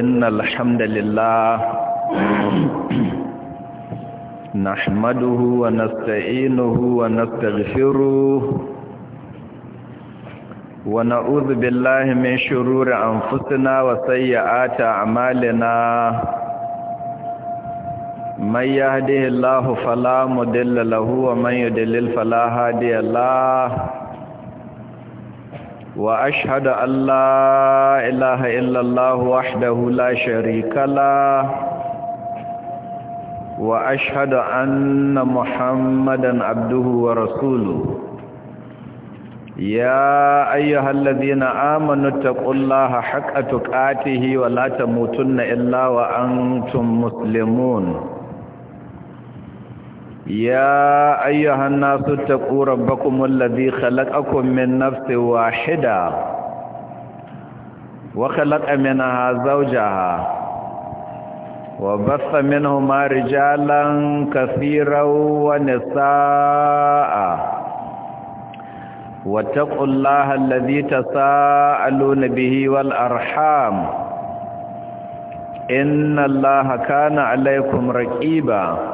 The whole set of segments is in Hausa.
إن الحمد لله نحمده ونستعينه ونستغفره ونعوذ بالله من شرور أنفسنا وسيئات أعمالنا من يهده الله فلا مدل له ومن يدلل فلا هادي الله wa ashhadu an la ilaha illallah wahdahu la sharika wa ashhadu anna muhammadan abduhu wa rasuluhu ya ayyuhalladhina amanu taqullaha haqqa tuqatih wa la tamutunna illa wa antum muslimun ya ayyuhan nasu taqu rabbakum alladhi khalaqakum min nafsin wahida wa khalaqa minha zawjaha wa batha minhumā rijālan kathīran wa nisā'a wa taqullāha alladhī tasā'alūna bihī wal arḥām innallāha kāna 'alaykum raqībā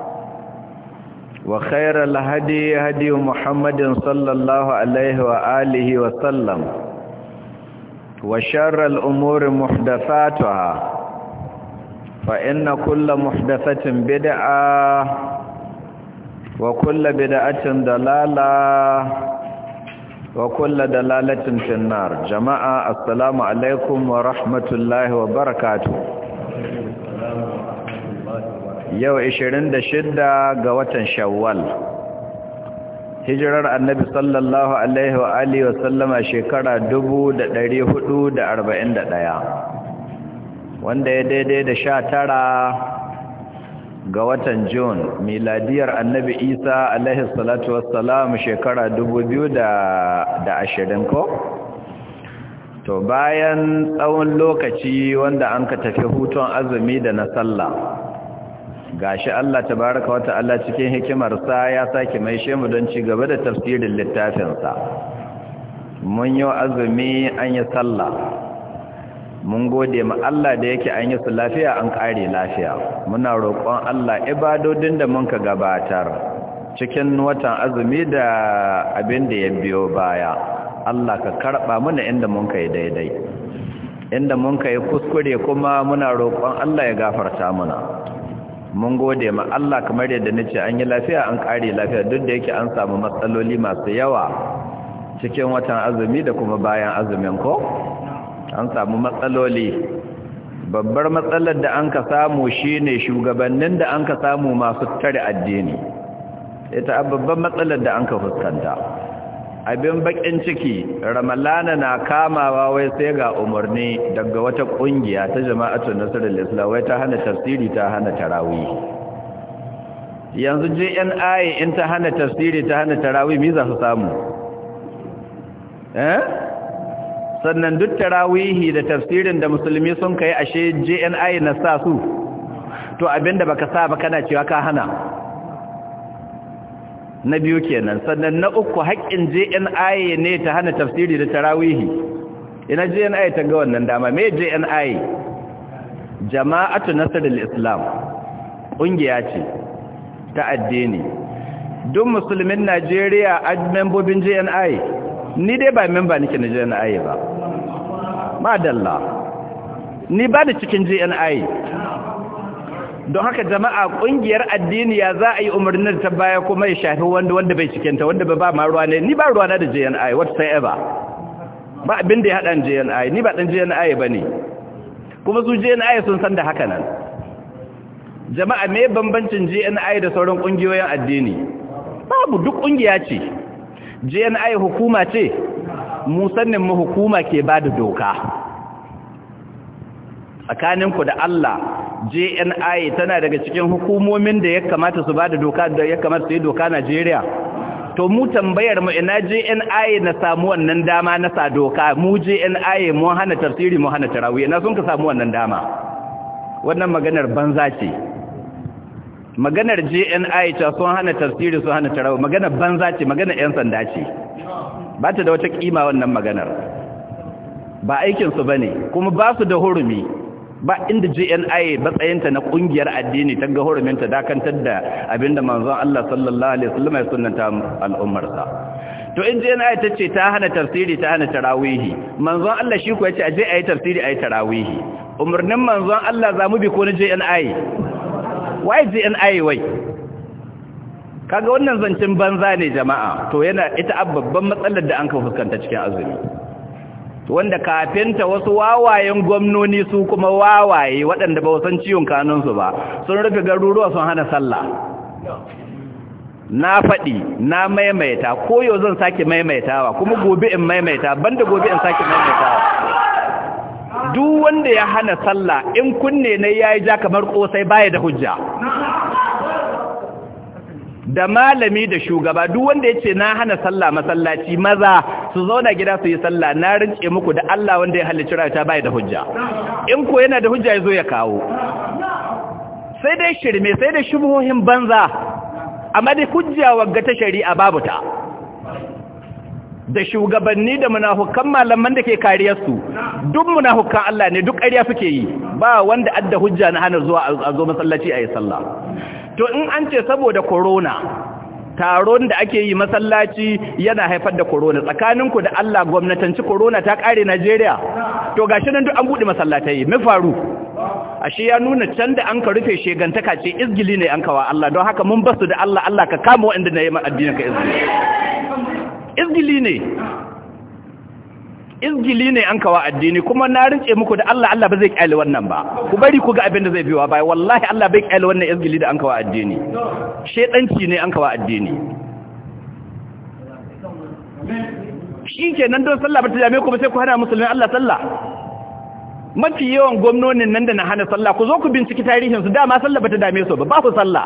وخير الهدي هدي محمد صلى الله عليه وآله وسلم وشر الأمور محدثاتها فإن كل محدثة بدعة وكل بدعة دلالة وكل دلالة في النار جماعة السلام عليكم ورحمة الله وبركاته yau 26 ga watan shawwal hijirar annabi sallallahu alaihi wa alihi wa sallama shekara 1441 wanda ya daidai da sha tara ga watan Jun miladiyar annabi Isa alaihi salatu wassalam shekara 2020 ko to bayan tsawon lokaci wanda an ka tafi hutun azumi da na sallah gashi Allah ta wata Allah, cikin hikimarsa ya sake mai shemu don ci gaba da tafsirin littafinsa mun yi azumi an yi sallah mun gode ma Allah da yake an yi su lafiya an ƙare lafiya muna roƙon Allah ibadodin da mun ka gabatar cikin watan azumi da abin da ya biyo baya Allah ka karɓa muna inda mun ka yi daidai inda mun ka yi kuskure kuma muna roƙon Allah ya gafarta muna mun gode ma Allah kamar yadda nace an yi lafiya an kare lafiya duk da yake an samu matsaloli masu yawa cikin watan azumi da kuma bayan azumin ko an samu matsaloli babbar matsalar da an ka samu shine shugabannin da an ka samu masu tare addini ita babbar matsalar da an ka fuskanta abin bakin ciki ramalana na kamawa wai sai ga umarni daga wata kungiya ta jama'atun nasarar islam wai ta hana tafsiri ta hana tarawi yanzu jni in ta hana tafsiri ta hana tarawi mi za su samu eh sannan duk tarawihi da tafsirin da musulmi sun kai ashe jni na sa su to abinda baka sa ba kana cewa ka hana na biyu kenan sannan na uku haƙƙin JNI ne ta hana tafsiri da tarawihi ina JNI ta ga wannan dama me JNI jama'atu nasrul islam ƙungiya ce ta addini duk musulmin Najeriya a membobin JNI ni dai ba memba nake na JNI ba madalla ni ba da cikin JNI don haka jama'a kungiyar addini ya za a yi umarnin ta baya kuma ya shafi wanda wanda bai cikinta wanda ba ma ruwa ne ni ba ruwa na da JNI whatsoever ba abin da ya haɗa JNI ni ba ɗan JNI ba ne kuma su JNI sun san da haka nan jama'a mai bambancin JNI da sauran kungiyoyin addini babu duk kungiya ce JNI hukuma ce mu sannin mu hukuma ke ba da doka tsakaninku da Allah JNI tana daga cikin hukumomin da ya kamata su bada doka da ya kamata su yi doka Najeriya to mu tambayar mu ina JNI na samu wannan dama na sa doka mu JNI mu hana tafsiri mu hana tarawih ina sun ka samu wannan dama wannan maganar banza ce maganar JNI ta sun hana tafsiri sun hana tarawih maganar banza ce maganar yan sanda ce ba ta da wata kima wannan maganar ba aikinsu ba ne kuma ba su da hurumi ba inda JNI matsayinta na kungiyar addini ta ga huruminta dakantar da abinda manzon Allah sallallahu alaihi wasallam ya sunnanta al'ummar sa to in JNI ta ce ta hana tafsiri ta hana tarawihi manzon Allah shi ko yace je ayi tafsiri ayi tarawihi umarnin manzon Allah zamu bi ko na JNI wai JNI wai kaga wannan zancin banza ne jama'a to yana ita babban matsalar da an ka fuskanta cikin azumi wanda kafinta wasu wawayen gwamnoni su kuma wawaye waɗanda ba san ciwon kanunsu ba sun rufe garuruwa sun hana sallah na faɗi na maimaita koyo zan sake maimaitawa kuma gobe in maimaita banda gobe in sake maimaitawa duk wanda ya hana sallah in kunne ne yayi ja kamar kosai baya da hujja da malami da shugaba duk wanda ya ce na hana sallah masallaci maza su zauna gida su yi sallah na rince muku da Allah wanda ya halicci rayuwa bai da hujja in ko yana da hujja yazo ya kawo sai dai shirme sai dai shubuhohin banza amma dai hujja wagga ta shari'a babu ta da shugabanni da munafukan malaman da ke kariyarsu duk munafukan Allah ne duk ƙarya suke yi ba wanda adda hujja na hana zuwa a zo masallaci a yi sallah to in an ce saboda corona taron da ake yi masallaci yana haifar da corona tsakaninku da Allah gwamnatanci corona ta kare Najeriya to gashi nan duk an bude masallatai me faru ashe ya nuna can da an ka rufe shegantaka ce izgili ne an kawa Allah don haka mun basu da Allah Allah ka kama waɗanda na yi addinin ka izgili izgili ne izgili ne an kawo addini kuma na rince muku da Allah Allah ba zai kyale wannan ba ku bari ku ga abin da zai biwa bai wallahi Allah bai kyale wannan izgili da an kawo addini shedanci ne an kawo addini shi ke nan don sallah ba ta jame ku ba sai ku hana musulmi Allah sallah mafi yawan gwamnonin nan da na hana sallah ku zo ku binciki tarihinsu dama sallah ba ta dame su ba ba ku sallah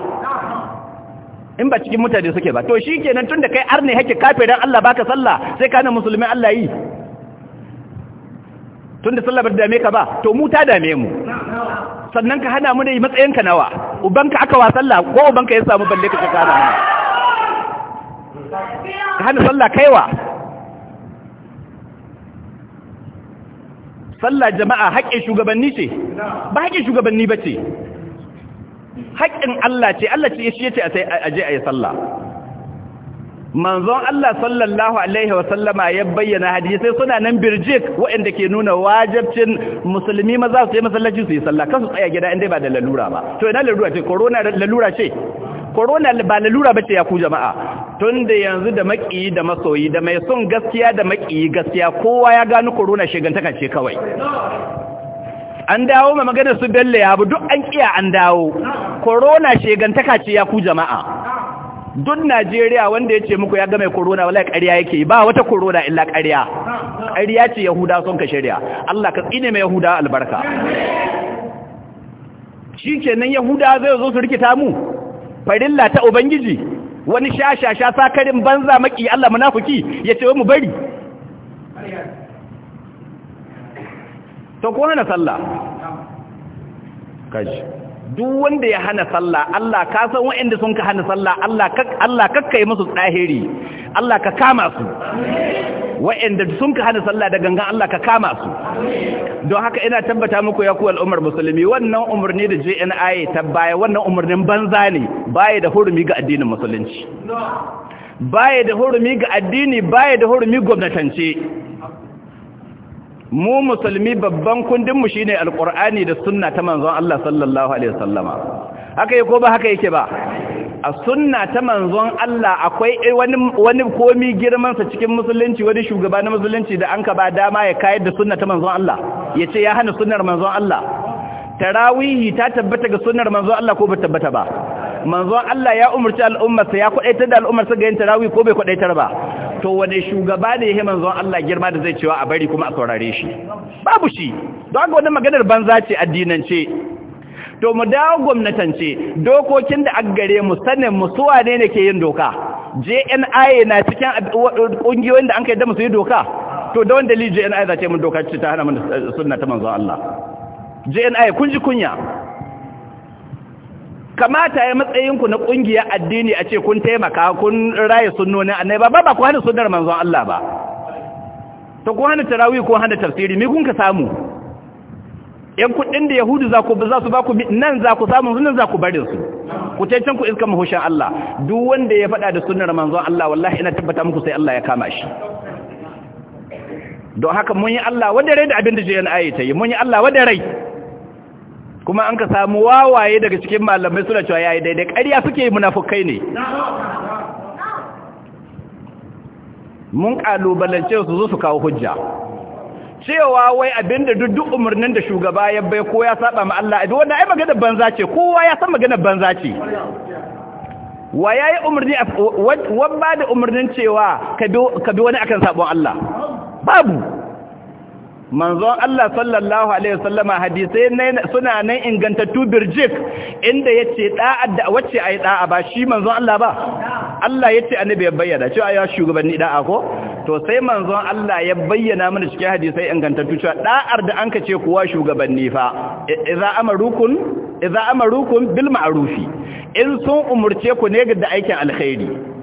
in ba cikin mutane suke ba to shi nan tun da kai arne hake kafe don Allah baka sallah sai ka hana musulmi Allah yi tunda sallah ba dame ka ba to mu ta dame mu sannan ka hana mu da matsayinka nawa ubanka aka wa sallah ko ubanka ya samu balle ka ka hana ka hana sallah kaiwa sallah jama'a haƙƙin shugabanni ce ba haƙƙin shugabanni ba ce haƙƙin Allah ce Allah ce ya ce a je a yi sallah manzon Allah sallallahu alaihi wa sallama ya bayyana sai suna nan birjik waɗanda ke nuna wajibcin musulmi maza su yi masallaci su yi sallah su tsaya gida inda ba da lalura ba to ina lalura ce corona lalura ce corona ba lalura ba ce ya ku jama'a tun da yanzu da makiyi da masoyi da mai son gaskiya da makiyi gaskiya kowa ya gano corona shigantaka ce kawai an dawo ma magana su belle ya bu duk an kiya an dawo corona shegantaka ce ya ku jama'a duk Najeriya wanda ya ce muku ya ga mai korona wala ƙarya yake ba wata korona illa ƙarya ƙarya ce Yahuda son ka shari'a Allah ka tsine mai Yahuda albarka shikenan Yahuda zai zo su rikita mu farilla ta ubangiji wani shashasha sakarin banza maki Allah munafiki ya ce mu bari to ko na sallah kaji duk wanda ya hana sallah Allah ka san waɗanda sun ka hana sallah Allah ka Allah kakkai musu tsahiri Allah ka kama su waɗanda sun ka hana sallah da gangan Allah ka kama su don haka ina tabbata muku ya ku al'ummar musulmi wannan umarni da JNI ta baya wannan umarnin banza ne baya da hurumi ga addinin musulunci baya da hurumi ga addini baya da hurumi gwamnatance mu musulmi babban kundinmu shine alqur'ani da sunna ta manzon Allah sallallahu alaihi wasallama haka yake ko ba haka yake ba a sunna ta manzon Allah akwai wani komi girmansa cikin musulunci wani shugaba na musulunci da an ka ba dama ya kayar da sunna ta manzon Allah ya ce ya hana sunnar manzon Allah tarawihi ta tabbata ga sunnar manzon Allah ko ba tabbata ba manzon Allah ya umarci al'ummarsa ya kwadaitar da al'ummarsa ga yin tarawih ko bai kwadaitar ba to wane shugaba ne ya manzon Allah girma da zai cewa a bari kuma a saurare shi babu shi don haka wannan maganar banza ce addinance to mu dawo gwamnatance dokokin da gare mu sanin mu su wane ne ke yin doka JNI na cikin kungiyoyin da an kai da musu yi doka to da wanda dalil JNI za ta yi mun doka ce ta hana mun sunna ta manzon Allah JNI kun ji kunya kamata ya matsayinku na ƙungiyar addini a ce kun taimaka kun raye sunnonin annai ba ba ku hana sunnar manzon Allah ba to ku hana tarawih ku hana tafsiri me kun ka samu yan kuɗin da yahudu za ku za su ba ku nan za ku samu nan za ku barin su ku can ku iska muhushin Allah duk wanda ya faɗa da sunnar manzon Allah wallahi ina tabbata muku sai Allah ya kama shi don haka mun yi Allah wadare da abin da jiyan ayi ta yi mun yi Allah wadare kuma an ka samu wawaye daga cikin malamai suna cewa yayi daidai ƙarya suke yi munafukai ne mun kalubalance su zo su kawo hujja cewa wai abinda duk umarnin da shugaba ya bai ko ya saba ma Allah abin wannan ai magana banza ce kowa ya san magana banza ce wa yayi umarni wa ba da umarnin cewa ka bi wani akan sabon Allah babu manzon Allah sallallahu alaihi wasallama hadisai suna nan ingantattu birjik inda yace da'a da wacce ai da'a ba shi manzon Allah ba Allah yace annabi ya bayyana cewa ya shugabanni da'a ko to sai manzon Allah ya bayyana mana cikin hadisai ingantattu cewa da'ar da anka ce kuwa shugabanni fa idza amarukum idza amarukum bil ma'rufi in sun umurce ku ne ga aikin alkhairi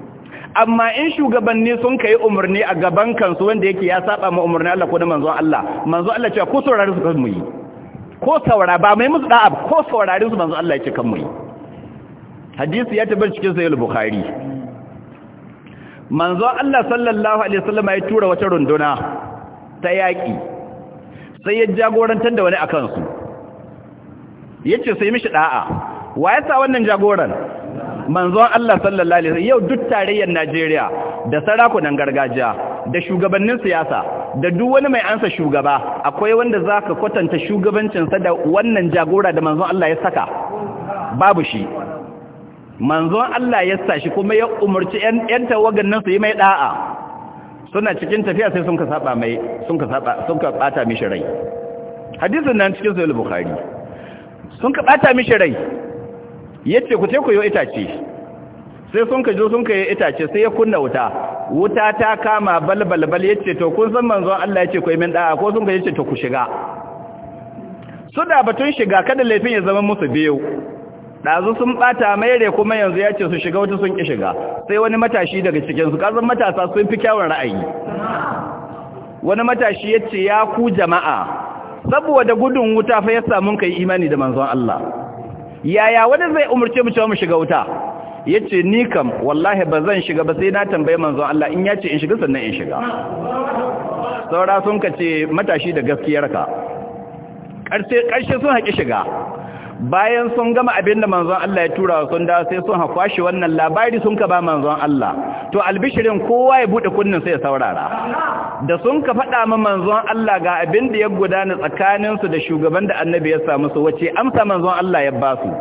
amma in shugabanni sun kai umarni a gaban kansu wanda yake ya saba ma umarni Allah ko da manzon Allah manzo Allah cewa ko saurari su kan mu yi ko saurara ba mai musu da'a ko saurari su manzo Allah yake kan mu yi hadisi ya tabbata cikin sahih al-bukhari manzo Allah sallallahu alaihi wasallam ya tura wata runduna ta yaki sai ya jagorantar da wani akan su yace sai mishi da'a wa ya sa wannan jagoran manzon Allah sallallahu alaihi wasallam yau duk tarayyar Najeriya da sarakunan gargajiya da shugabannin siyasa da duk wani mai ansa shugaba akwai wanda zaka kwatanta shugabancin sa da wannan jagora da manzon Allah ya saka babu shi manzon Allah ya sa shi kuma ya umurci yan tawagan nan su yi mai da'a suna cikin tafiya sai sun ka saba mai sun ka saba sun ka bata mishi rai hadisin nan cikin sahih bukhari sun ka bata mishi rai yace ku teku ku yi itace sai sun ka jo sun ka yi itace sai ya kunna wuta wuta ta kama balbalbal yace to kun san manzon Allah yace ku yi min da'a ko sun ka yace to ku shiga suna batun shiga kada laifin ya zama musu biyu ɗazu sun ɓata re kuma yanzu ya ce su shiga wata sun ƙi shiga sai wani matashi daga cikinsu ƙazan matasa sun fi kyawun ra'ayi wani matashi ya ce ya ku jama'a saboda gudun wuta fa ya samun kai imani da manzon Allah yaya wani zai umarce mu cewa mu shiga wuta yace ni kam wallahi ba zan shiga ba sai na tambaye manzon Allah in yace in shiga sannan in shiga saura sun kace matashi da gaskiyarka karshe karshe sun haƙi shiga bayan sun gama abin da manzon Allah ya tura sun da sai sun hafa wannan labari sun ka ba manzon Allah to albishirin kowa ya bude kunnin sai ya saurara da sun ka faɗa ma manzon Allah ga abin da ya gudana tsakanin su da shugaban da annabi ya samu su wace amsa manzon Allah ya ba su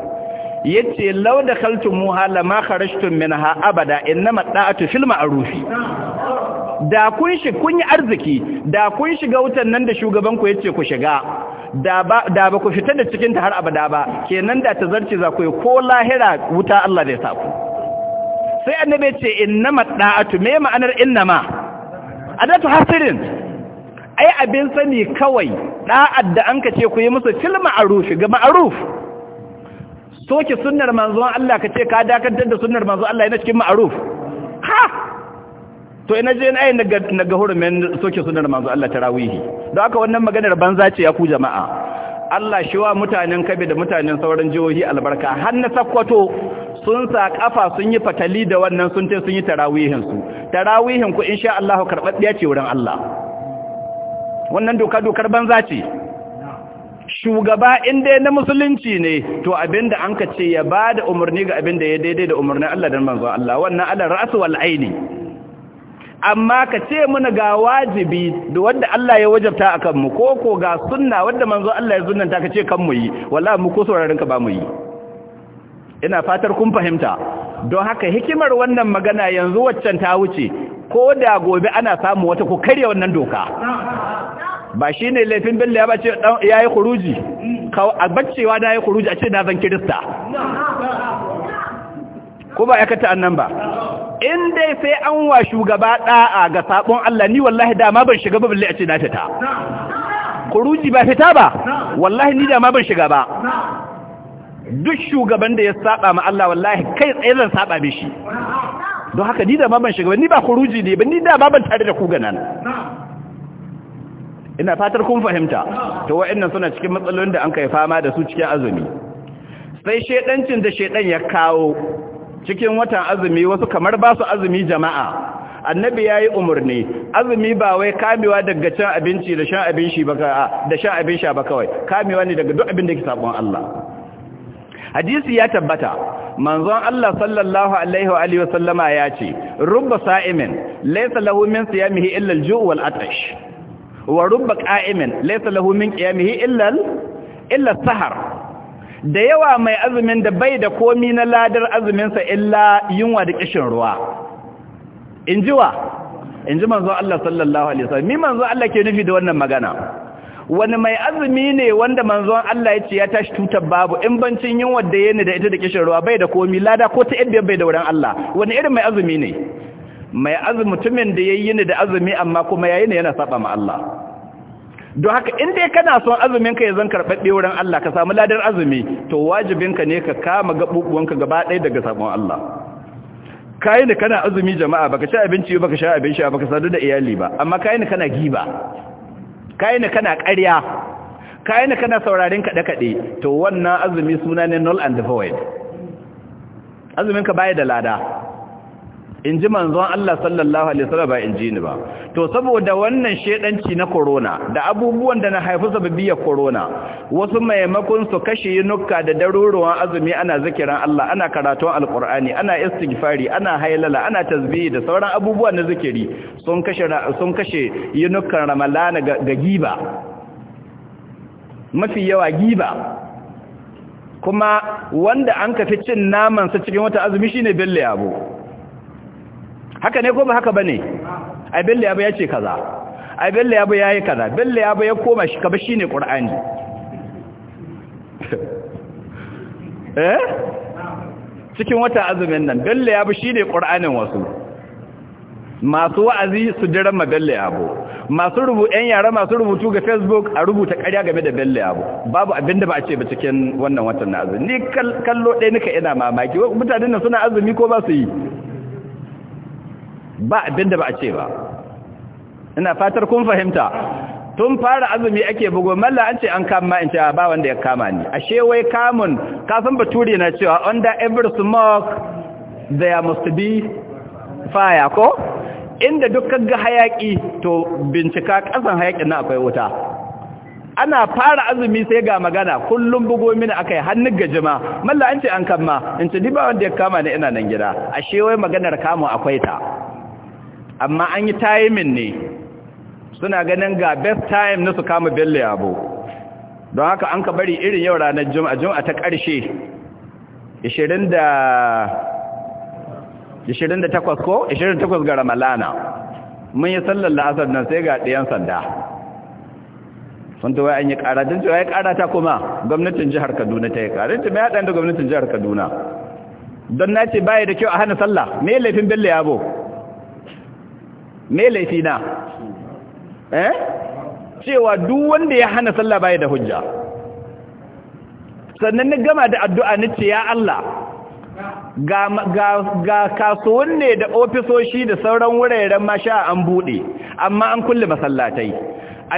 yace law dakhaltu muhala lama kharajtu minha abada innama da'atu fil ma'rufi da kun shi kun yi arziki da kun shiga wutan nan da shugaban ku yace ku shiga da ba ku fita da cikinta har abada ba kenan da ta zarce za ku yi ko lahira wuta Allah zai saku sai annabi ce inna da'atu me ma'anar innama adatu hasirin ai abin sani kawai da'ad da an ce ku yi musu fil ma'ruf ga ma'ruf soke sunnar manzon Allah ka ce ka dakatar da sunnar manzon Allah yana cikin ma'ruf ha to ina je na na ga hurumin soke sunan manzo Allah tarawihi don aka wannan maganar banza ce ya ku jama'a Allah shi wa mutanen kabe da mutanen sauran jihohi albarka har na sakkwato sun sa kafa sun yi fatali da wannan sun te sun yi tarawihin su tarawihin ku insha Allah karɓaɗɗiya ce wurin Allah wannan doka dokar banza ce shugaba in dai na musulunci ne to abinda an ka ce ya bada umarni ga abinda ya daidai da umarni Allah dan manzo Allah wannan ala ra'su wal aini amma ka ce mana ga wajibi da wanda Allah ya wajabta a kanmu ko ko ga sunna wanda manzo Allah ya zunnanta ka ce kanmu yi wallahi mu ko sauraron ka ba mu yi ina fatar kun fahimta don haka hikimar wannan magana yanzu waccan ta wuce ko da gobe ana samu wata ko karya wannan doka ba shi ne laifin bello ya bace ya yi kuruji a baccewa na ya yi kuruji a ce na zan kirista ko ba ya kata annan ba in dai sai an wa shugaba da'a ga sabon Allah ni wallahi dama ban shiga ba balle a ce na fita kuruji ba fita ba wallahi ni dama ban shiga ba duk shugaban da ya saba ma Allah wallahi kai tsaye zan saba mishi don haka ni dama ban shiga ba ni ba kuruji ne ba ni dama ban tare da ku nan. ina fatar kun fahimta to wa'annan suna cikin matsalolin da an kai fama da su cikin azumi sai shedancin da shedan ya kawo cikin watan azumi wasu kamar ba su azumi jama'a annabi ya yi umurni azumi ba wai kamewa daga can abinci da shan abin shi ba da shan abin sha ba kawai kamewa ne daga duk abin da ke sabon Allah hadisi ya tabbata manzon Allah sallallahu alaihi wa alihi sallama ya ce rubba sa'imin laysa lahu min siyamihi illa al-ju' wal atash wa rubba qa'imin laysa lahu min qiyamihi illa illa sahar da yawa mai azumin da bai da komi na ladar azuminsa illa yunwa da kishin ruwa in ji wa in ji manzo Allah sallallahu alaihi wasallam mi manzo Allah ke nufi da wannan magana wani mai azumi ne wanda manzo Allah ya ce ya tashi tutar babu in bancin yunwa da yene da ita da kishin ruwa bai da komi lada ko ta ibbe bai da wurin Allah wani irin mai azumi ne mai azumi mutumin da yayi ne da azumi amma kuma yayi ne yana saba ma Allah don haka in dai kana son azumin ka ya zan karɓaɓɓe wurin Allah ka samu ladar azumi to wajibinka ne ka kama gaɓuɓuwanka gaba ɗaya daga sabon Allah kayi ne kana azumi jama'a baka ci abinci baka sha abin sha baka sadu da iyali ba amma kayi ne kana giba kayi ne kana ƙarya kayi ne kana saurarin kaɗe-kaɗe to wannan azumi suna ne null and void azuminka baya da lada in ji manzon Allah sallallahu alaihi wasallam ba in ji ni ba to saboda wannan shedanci na corona da abubuwan da na haifu sababiyar corona wasu maimakon su kashe nukka da daruruwan azumi ana zikiran Allah ana karatun alqur'ani ana istighfari ana hailala ana tasbihi da sauran abubuwa na zikiri sun kashe sun kashe ramalana ga giba mafi yawa giba kuma wanda an kafi cin naman sa cikin wata azumi shine billa yabo haka ne ko ba haka bane ai billa yabo yace kaza ai billa yabo yayi kaza billa yabo ya koma shi kaba shine qur'ani eh cikin wata azumin nan billa yabo shine qur'anin wasu masu wa'azi su jiran ma billa yabo masu rubutu ɗan yara masu rubutu ga facebook a rubuta ƙarya game da belle yabo babu abin da ba a ce ba cikin wannan watan na azumi ni kallo ɗaya nika ina mamaki mutanen suna azumi ko ba su yi ba abinda ba a ce ba ina fatar kun fahimta tun fara azumi ake bugo malla an ce an kama in ce ah, ba wanda ya kama ni ashe wai kamun kafin baturi na cewa under every smoke there must be fire ko inda dukkan ga hayaki to bincika kasan hayakin na akwai wuta ana fara azumi sai ga magana kullum bugo mini akai hannun gajima malla an ce an kama in ce ni ba wanda ya kama ni ina nan gida ashe wai maganar kamun akwai ta amma an yi timing ne suna ganin ga best time na su kama belle abu don haka an ka bari irin yau ranar juma'a juma'a ta ƙarshe 28 ko 28 ga ramalana mun yi sallar la'asar nan sai ga ɗiyan sanda sun tuwa an yi ƙara don cewa ya ƙara ta kuma gwamnatin jihar kaduna ta yi ƙara ta mai haɗar da gwamnatin jihar kaduna don na ce baya da kyau a hana sallah mai laifin belle abu me laifina eh cewa duk wanda ya hana sallah baya da hujja sannan ni gama da addu'a nace ya Allah ga ga kasuwanne da ofisoshi da sauran wuraren masha an bude amma an kulle masallatai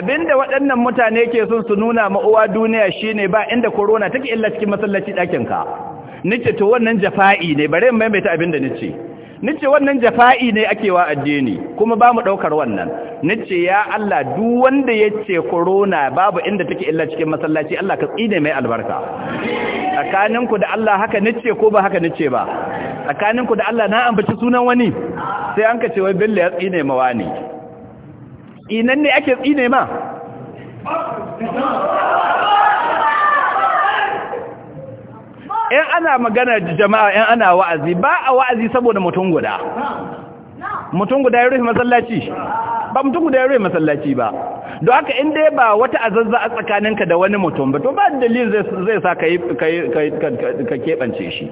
abinda waɗannan mutane ke son su nuna ma uwa duniya shine ba inda corona take illa cikin masallaci ɗakin ka nace to wannan jafa'i ne bare mai maimaita abinda nace nace wannan jafa'i ne ake wa addini kuma ba mu daukar wannan nace ya Allah duk wanda yace corona babu inda take illa cikin masallaci Allah ka tsine mai albarka tsakaninku da Allah haka nace ko ba haka nace ba tsakaninku da Allah na ambaci sunan wani sai an kace wai billa ya tsine ma wani inan ne ake tsine ma ‘yan ana magana jama'a 'yan ana wa'azi ba a wa'azi saboda mutum guda mutum guda ya rufe masallaci ba mutum guda ya rufe masallaci ba don haka in dai ba wata azazza a tsakaninka da wani mutum ba to ba dalilin zai sa ka keɓance shi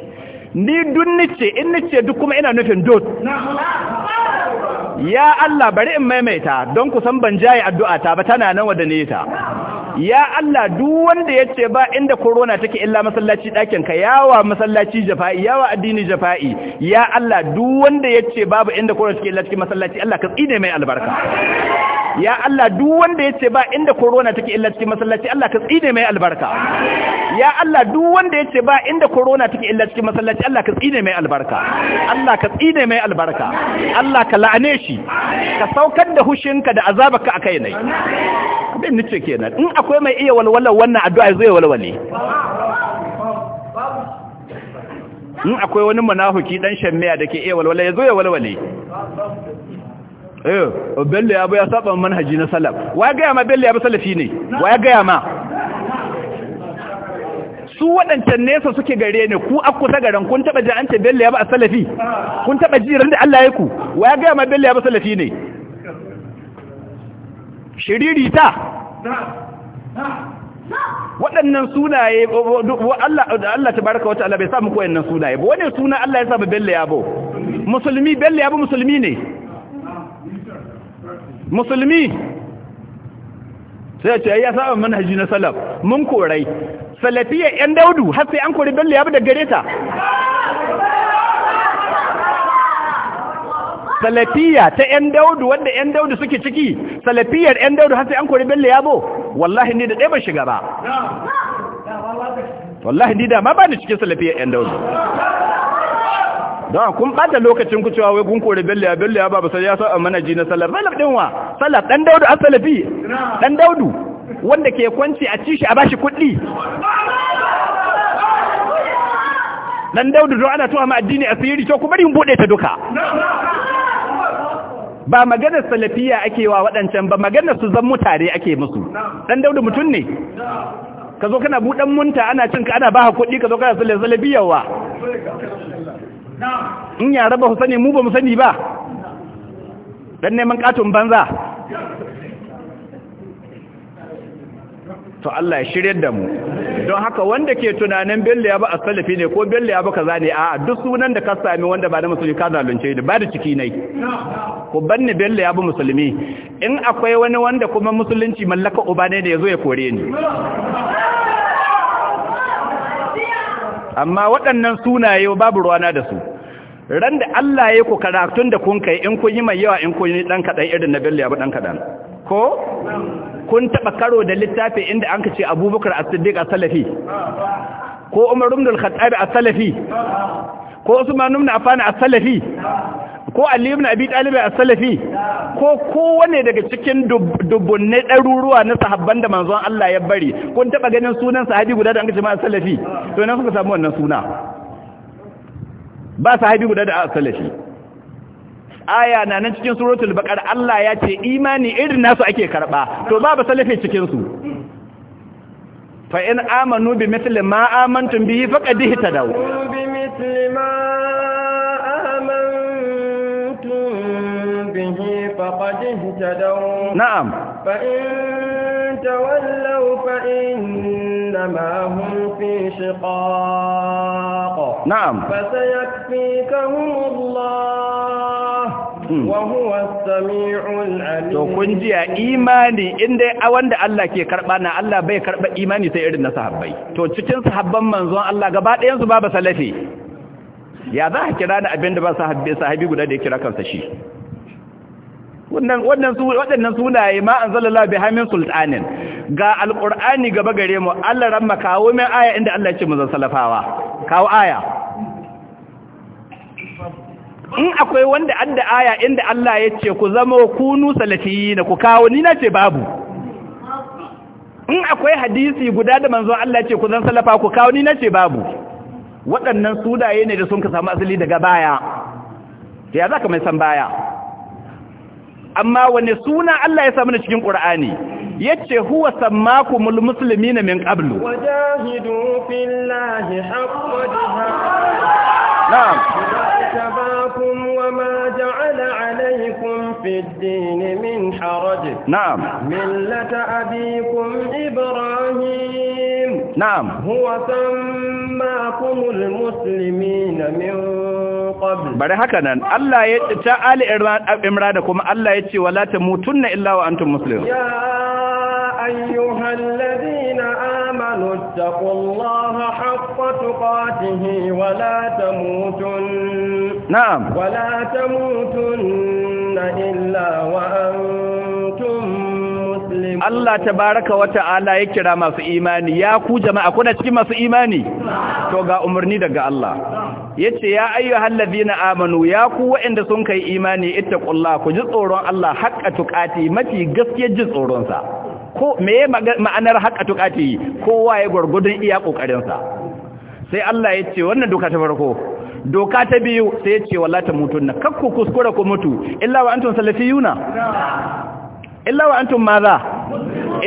ni dun nice in nice duk kuma ina nufin dot ya Allah bari in maimaita don ku san ban jaye addu'a ta ba tana nan wadda ne ta ya Allah duk wanda ya ce ba inda corona take illa masallaci ɗakinka yawa masallaci jafa'i yawa addini jafa'i ya Allah duk wanda ya ce babu inda corona take illa cikin masallaci Allah ka tsine mai albarka ya Allah duk wanda yace ba inda corona take illa cikin masallaci Allah ka tsine mai albarka ya Allah duk wanda yace ba inda corona take illa cikin masallaci Allah ka tsine mai albarka Allah ka tsine mai albarka Allah ka la'ane shi ka saukar da hushinka da azabaka akai nai abin nace kenan in akwai mai iya walwala wannan addu'a zai walwale in akwai wani munafiki dan shammiya da ke iya walwala ya zo ya walwale Eh, bello ya ya saba manhaji na salaf wa gaya ma bello ya salafi ne wa gaya ma su waɗancan nesa suke gare ne ku a kusa garan kun taɓa ji an ce bello ya ba a salafi kun taɓa ji randa Allah ya ku wa ya gaya ma bello ya ba salafi ne shiriri ta waɗannan sunaye Allah ta baraka wata Allah bai sa muku waɗannan sunaye ba wani suna Allah ya saba bello ya bo musulmi bello ya bo musulmi ne musulmi sai ce ya saba manhaji na salaf mun korai salafiyar yan daudu har sai an kori bello ya bi da gare ta salafiya ta yan daudu wanda yan daudu suke ciki salafiyar yan daudu har sai an kori bello ya bo wallahi ni da ɗaya ban shiga ba wallahi ni da ma ba ni cikin salafiyar yan daudu don kun bata lokacin ku cewa wai kun kore bello ya bello ya ba sai ya sa manaji na sallar sallar din wa sallar dan daudu salafi dan daudu wanda ke kwanci a ci shi a bashi kuɗi dan daudu don ana tuwa ma addini asiri to ku bari mu bude ta duka ba maganar salafiya ake wa waɗancan ba maganar su zan mutare ake musu dan daudu mutum ne ka zo kana buɗan munta ana cinka ana ba kuɗi ka zo kana salafiyawa in yara ba su sani mu ba mu sani ba dan neman katon banza to Allah ya shiryar da mu don haka wanda ke tunanin belle ya ba a salafi ne ko belle ya ba kaza ne a duk sunan da ka sami wanda ba na musulmi ka zalunce da ba da ciki ne ku banne belle ya ba musulmi in akwai wani wanda kuma musulunci mallaka uba ne da ya zo ya kore ni amma waɗannan sunaye babu ruwana da su ran da Allah ya yi ku karatun da kun kai in kun yi mai yawa in kun yi dan kadan irin na bello abu dan kadan ko kun taba karo da littafi inda an kace Abubakar As-Siddiq as-Salafi ko Umar ibn al-Khattab as-Salafi ko Usman ibn Affan as-Salafi ko Ali ibn Abi Talib as-Salafi ko kowane daga cikin dubbunne ɗaruruwa na sahabban da manzon Allah ya bari kun taba ganin sunan sahabi guda da an kace ma as-Salafi to nan kuka samu wannan suna ba haifi guda da aka salashi aya na nan cikin suratul baqar Allah ya ce imani irin nasu ake karba to ba salafi cikin su fa in amanu bi mithli ma amantum bihi faqad ihtadaw bi mithli ma amantum bihi faqad ihtadaw na'am fa in تولوا فإنما هم في شقاق نعم فسيكفيكهم الله To kun jiya imani inda a wanda Allah ke karɓa na Allah bai karɓa imani sai irin na sahabbai. To cikin sahabban manzon Allah gaba ɗayansu ba ba salafi. Ya za a kira ni abinda ba sahabi guda da ya kira kansa shi. waɗannan sunaye ma an zalala bi hamin sultanin ga alƙur'ani gaba gare mu Allah ramma kawo min aya inda Allah ce mu zan salafawa kawo aya in akwai wanda an da aya inda Allah ya ce ku zama kunu salafiyi na ku kawo ni nace ce babu in akwai hadisi guda da manzo Allah ce ku zan salafa ku kawo ni nace ce babu waɗannan sunaye ne da sun ka samu asali daga baya ya za ka mai san baya amma wane suna Allah ya sa mana cikin Ya yace huwa sammaku muslimina min qablu wajahidu fillahi haqqa jihad na'am tabakum wama ja'ala alaykum fid min haraj na'am millata abikum ibrahim na'am huwa sammakumul muslimina min bari haka nan Allah ya ta ali imra da kuma Allah ya ce wala tamutunna illa wa antum muslimun ya ayyuhalladhina amanu taqullaha haqqa tuqatihi wala tamutun na'am wala tamutunna illa wa antum Allah ta baraka wata ta'ala ya kira masu imani ya ku jama'a kuna cikin masu imani to ga umarni daga Allah yace ya ayyuhal halladina amanu ya ku waɗanda sun kai imani ittaqullaha ku ji tsoron Allah haqqa tuqati mafi gaskiya ji tsoron sa ko me ma'anar haqqa tuqati kowa ya gurgudun iya kokarin sai Allah yace wannan doka ta farko doka ta biyu sai yace wala mutunna kakku kuskura ku mutu illa wa antum salafiyuna illa wa antum maza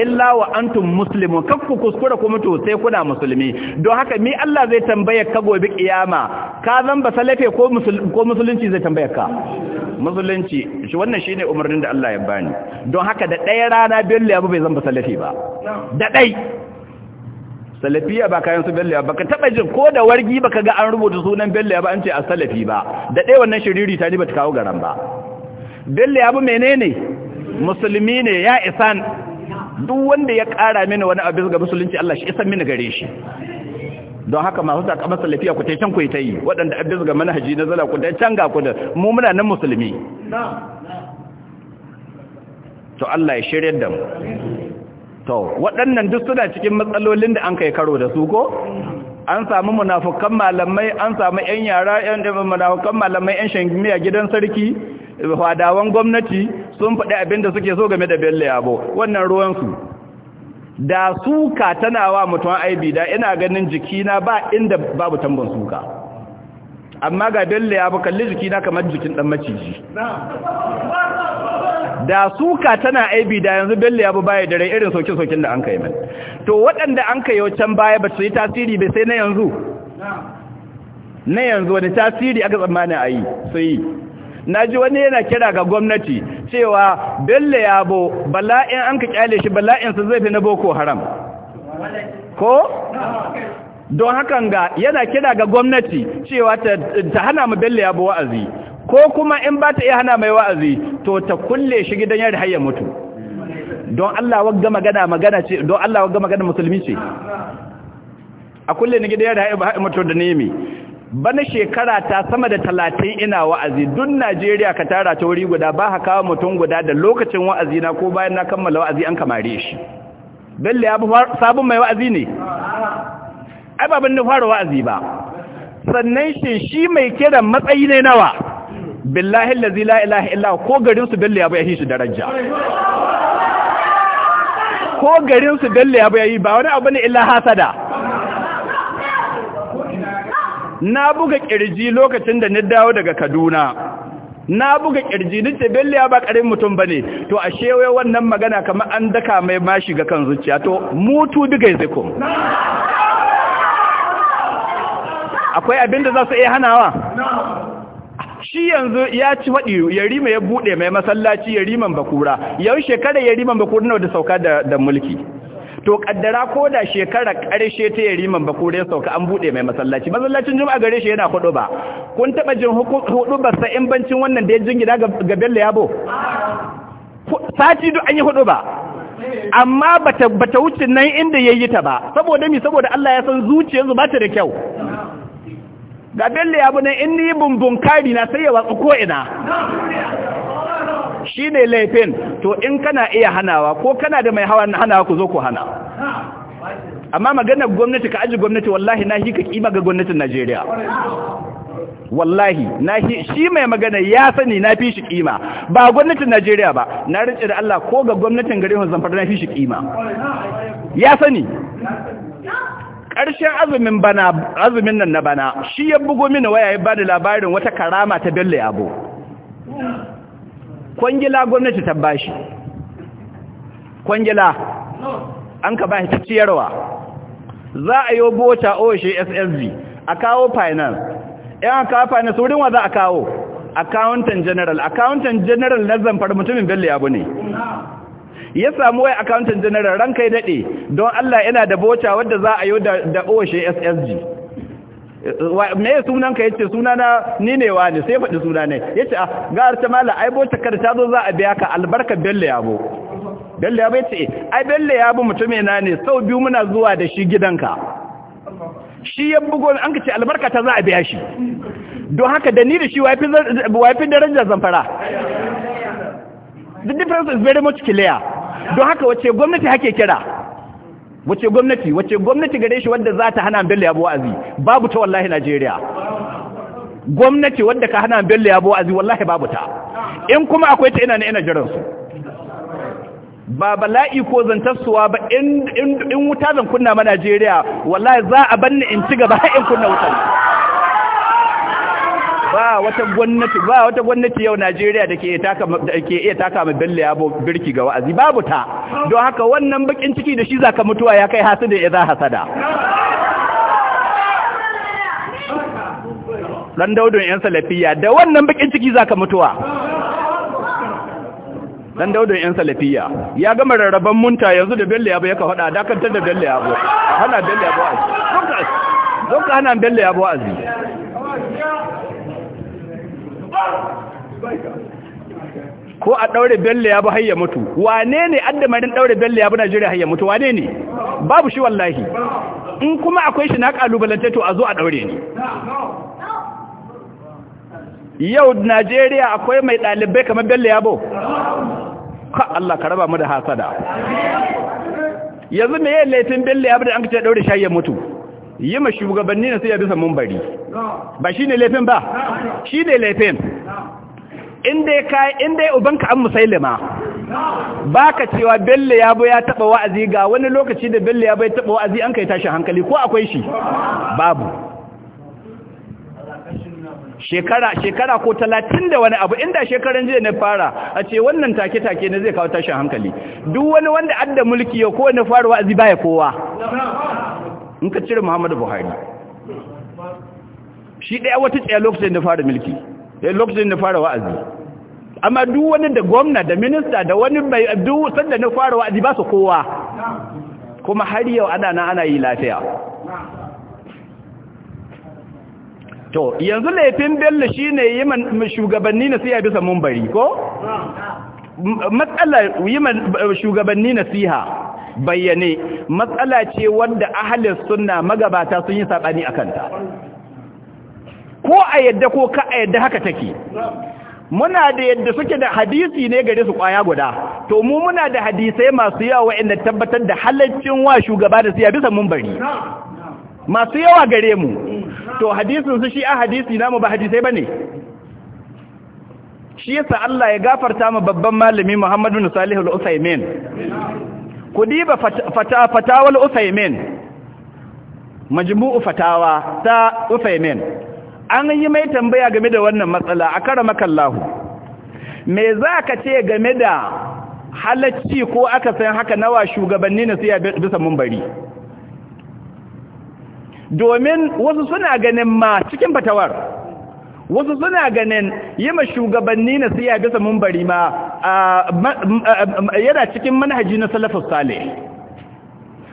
illa wa antum muslimun kafku kuskura ku mutu sai kuna musulmi don haka mi Allah zai tambaye ka gobe kiyama ka zamba salafe ko ko musulunci zai tambaye ka musulunci shi wannan shine umarnin da Allah ya bani don haka da ɗaya rana bello ya bai zamba salafi ba da ɗai salafiya ba kayan su bello ba ka taɓa jin ko da wargi ba ka ga an rubuta sunan bello ba an ce a salafi ba da ɗaya wannan shiriri ta ni ba ta kawo garan ba bello abu menene menene musulmi ne ya isan duk wanda ya kara mini wani abin ga musulunci Allah shi isan mini gare shi don haka masu ta kamar salafiya ku taicen ku ta yi waɗanda abin ga manhaji na zala ku taicen ga ku da mu muna nan musulmi to Allah ya shiryar da mu to waɗannan duk suna cikin matsalolin da an kai karo da su ko an samu munafukan malamai an samu 'yan yara 'yan munafukan malamai 'yan shangimiya gidan sarki fadawan gwamnati sun faɗi abin da suke so game da bello yabo wannan ruwansu da suka tana wa mutum aibi da ina ganin jikina ba inda babu tambon suka amma ga bello yabo kalli jikina kamar jikin ɗan maciji da suka tana aibi da yanzu bello yabo baya da rai irin soke-soken da an kai mai to waɗanda an kai can baya ba su yi tasiri bai sai na yanzu na yanzu wani tasiri aka tsammanin a yi su yi na ji wani yana kira ga gwamnati cewa bello yabo bala'in an ka kyale shi bala'insa zai fi na boko haram ko? don hakan ga yana kira ga gwamnati cewa ta hana mu bello yabo wa'azi ko kuma in ba ta iya hana mai wa'azi to ta kulle shi gidan yari har mutu don Allah wagga magana magana ce don Allah wagga magana musulmi ce a kulle ni gidan yari har mutu da nemi bana shekara ta sama da talatin ina wa'azi duk najeriya ka tara ta wuri guda ba haka mutum guda da lokacin wa'azi na ko bayan na kammala wa'azi an kamare shi bello ya sabon mai wa'azi ne ai babin da fara wa'azi ba sannan shi shi mai kira matsayi ne nawa billahi allazi la ilaha illa ko garin su bello ya bai shi daraja ko garin su bello ya bai ba wani abu ne illa hasada na buga kirji lokacin da na dawo daga Kaduna na buga kirji ce belle ya ba karin mutum bane to ashe wai wannan magana kamar an daka mai ma ga kan zuciya to mutu duka yake akwai abin da za su iya hanawa shi yanzu ya ci faɗi ya rima ya buɗe mai masallaci ya riman bakura yau shekara ya riman bakura nawa da sauka da mulki to kaddara ko da shekara karshe ta yariman bakure sauka an bude mai masallaci masallacin juma'a gare shi yana hudu ba kun taba jin hudu ba sai in bancin wannan da ya gida ga bello yabo sati duk an yi hudu ba amma bata bata wuce nan inda yayi ta ba saboda mi saboda Allah ya san zuciyarsu ba ta da kyau ga bello yabo nan in ni bumbun kari na sai ya watsu ko ina shi ne laifin to in kana iya hanawa ko kana da mai hawa hanawa ku zo ku hana amma maganar gwamnati ka aji gwamnati wallahi na ka kima ga gwamnatin Najeriya wallahi na shi mai magana ya sani na fi shi kima ba gwamnatin Najeriya ba na rince da Allah ko ga gwamnatin garin Zamfara na fi shi kima ya sani ƙarshen azumin bana azumin nan na bana shi ya bugo mini waya ya bada labarin wata karama ta Bello Yabo kwangila gwamnati ta bashi kwangila an ka bashi ta ciyarwa za a yi bota oshe ssv a kawo finance yan kawo finance wurin wa za a kawo accountant general accountant general na zamfar mutumin bello ya ne ya samu wai accountant general ranka ya daɗe don allah yana da bota wadda za a yi da oshe ssg me ya sunan ka yace suna na ni ne ne sai faɗi suna ne yace ah ga arta mala ai bota kada tazo zo za a biya ka albarka bello yabo bello yabo yace ai bello yabo mutume na ne sau biyu muna zuwa da shi gidanka shi ya bugo an ka ce albarka ta za a biya shi don haka da ni da shi wafi wafi darajar zamfara the difference is very much clear don haka wace gwamnati hake kira wace gwamnati wace gwamnati gare shi wadda za ta hana bello yabo azi babu ta wallahi najeriya gwamnati wadda ka hana bello yabo azi wallahi babu ta in kuma akwai ta ina ne ina jiran su ba bala'i ko zantarsuwa ba in wuta zan kunna ma najeriya wallahi za a banni in ci gaba in kunna wutar ba wata gwamnati ba wata gwamnati yau Najeriya da ke taka iya taka mu dalle abu birki ga wa'azi babu ta don haka wannan bakin ciki da shi zaka mutuwa ya kai da ya za hasada dan daudun yan salafiya da wannan bakin ciki zaka mutuwa dan daudun yan salafiya ya gama rarraban munta yanzu da abu ya ka yaka dakantar da dalle abu. bo hana Bello ya azi don ka hana dalle abu azi ko a daure belle ya bi hayya mutu wane ne marin daure belle ya bi Najeriya hayya mutu wane ne babu shi wallahi in kuma akwai shi na kalubalanta to a zo a daure ne yau Najeriya akwai mai dalibai kamar belle ya bo ka Allah ka raba mu da hasada yanzu me yayin laifin belle ya bi da an ce daure shayyan mutu yi ma shugabanni na sai ya bisa mumbari ba shi ne laifin ba shi ne laifin inda ya ubanka an musailima ba ka cewa bello ya ya taba wa'azi ga wani lokaci da bello ya ya taba wa'azi an kai tashi hankali ko akwai shi babu shekara shekara ko talatin da wani abu inda shekaran jiya na fara a ce wannan take-take ne zai kawo tashin hankali duk wani wanda adda mulki ya kowane faruwa a baya kowa in ka cire muhammadu buhari shi ɗaya wata tsaye lokacin da fara milki, da eh, lokacin da fara wa'azi amma duk wani da gwamna da minista da wani mai duk sanda na fara wa'azi ba su kowa kuma har yau ana nan ana yi lafiya to yanzu laifin bello shine yi shugabanni na siya bisa mun bari ko Matsalar yi eh, shugabanni na siya bayyane matsala ce wanda ahalin sunna magabata sun yi saɓani a kanta ko a yadda ko ka a yadda haka take muna da yadda suke da hadisi ne gare su kwaya guda to mu muna da hadisai masu yawa waɗanda tabbatar da halaccin wa shugaba da siya bisa mun bari masu yawa gare mu to hadisin su shi a hadisi namu ba hadisai bane shi yasa Allah ya gafarta ma babban malami Muhammadu Salihu al-Utsaimin ku diba fatawal usaimin majmu'u fatawa ta usaimin an yi mai tambaya game da wannan matsala a kara makallahu me za ka ce game da halacci ko aka san haka nawa shugabanni na siya bisa mumbari domin wasu suna ganin ma cikin fatawar wasu suna ganin yi ma shugabanni na siya bisa mumbari ma yana cikin manhaji na salafus sale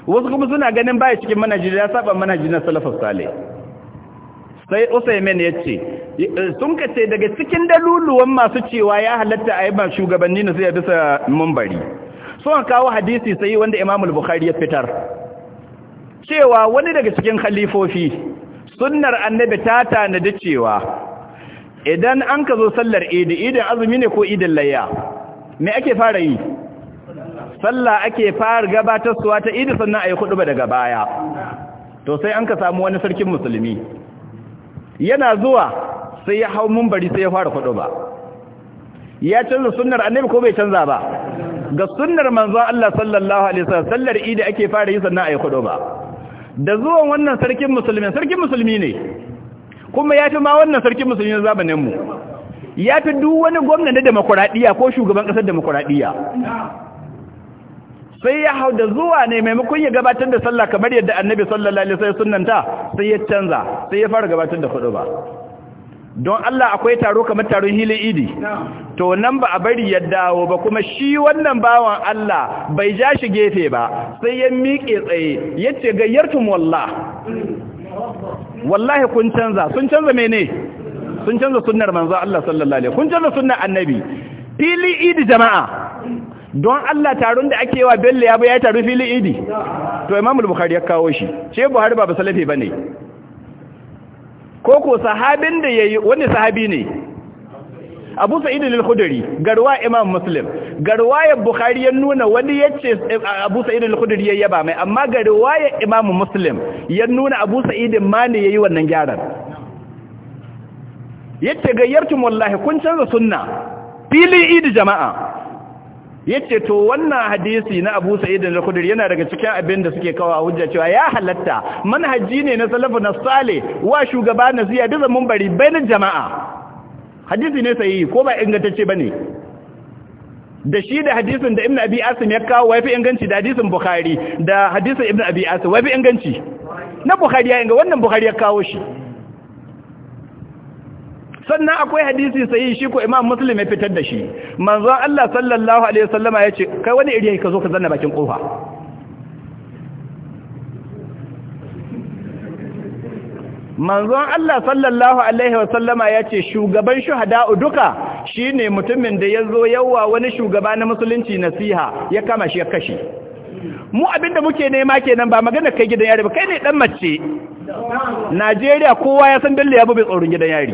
wasu kuma suna ganin baya cikin manhaji ya saba manhaji na salafus sale sai Usaimin ya ce sun ka ce daga cikin daluluwan masu cewa ya halatta a yi ba shugabanni na sai bisa mumbari a kawo hadisi sai wanda Imamul Bukhari ya fitar cewa wani daga cikin khalifofi sunnar annabi ta tanadi cewa idan an ka zo sallar idi idan azumi ne ko idin layya me ake fara yi sallah ake fara gabatar suwa ta idi sannan a yi ba daga baya to sai an ka samu wani sarkin musulmi yana zuwa sai ya hau mumbari sai ya fara ba. ya canza sunnar annabi ko bai canza ba ga sunnar manzo Allah sallallahu alaihi wasallam sallar idi ake fara yi sannan a yi ba. da zuwan wannan sarkin musulmi sarkin musulmi ne kuma ya fi ma wannan sarkin musulmi zamanin mu ya fi duk wani gwamna na demokuraɗiyya ko shugaban ƙasar demokuraɗiyya sai ya hau da zuwa ne maimakon ya gabatar da sallah kamar yadda annabi sallallahu alaihi wasallam sunnanta sai ya canza sai ya fara gabatar da hudu ba don Allah akwai taro kamar taron hilin idi to nan ba a bari ya dawo ba kuma shi wannan bawan Allah bai ja shi gefe ba sai ya miƙe tsaye ya ce gayyartum wallah wallahi kun canza sun canza mene sun canza sunnar manzo Allah sallallahu alaihi kun canza sunnar annabi fili idi jama'a don Allah taron da ake wa bello ya ya taru fili idi to Imam Bukhari ya kawo shi ce Buhari ba salafi bane ko ko sahabin da yayi wani sahabi ne Abu Sa'id al-Khudri garwa Imam Muslim garwa ya Bukhari ya nuna wani yace Abu Sa'id al-Khudri ya yaba mai amma garwa ya Imam Muslim ya nuna Abu Sa'id ma ne yayi wannan gyaran yace gayyartum wallahi kun canza sunna fili idi jama'a yace to wannan hadisi na Abu Sa'id da khudri yana daga cikin abin da suke kawo hujja cewa ya halatta manhaji ne na salafu na sale wa shugaba na ziya da mun bari bayin jama'a hadisi ne sai ko ba ingantacce bane da shi da hadisin da Ibn Abi Asim ya kawo wafi inganci da hadisin Bukhari da hadisin Ibn Abi Asim wafi inganci na Bukhari ya inga wannan Bukhari ya kawo shi sannan akwai hadisi sai shi ko imam muslim ya fitar da shi manzon Allah sallallahu alaihi wasallama yace kai wani iri ka zo ka zanna bakin kofa manzon Allah sallallahu alaihi wasallama yace shugaban Shuhada duka shine mutumin da yazo yawa wani shugaba na musulunci nasiha ya kama shi ya kashe mu abinda muke nema kenan ba magana kai gidan yare ba kai ne dan mace Najeriya kowa ya san Bello ya bai tsoron gidan yari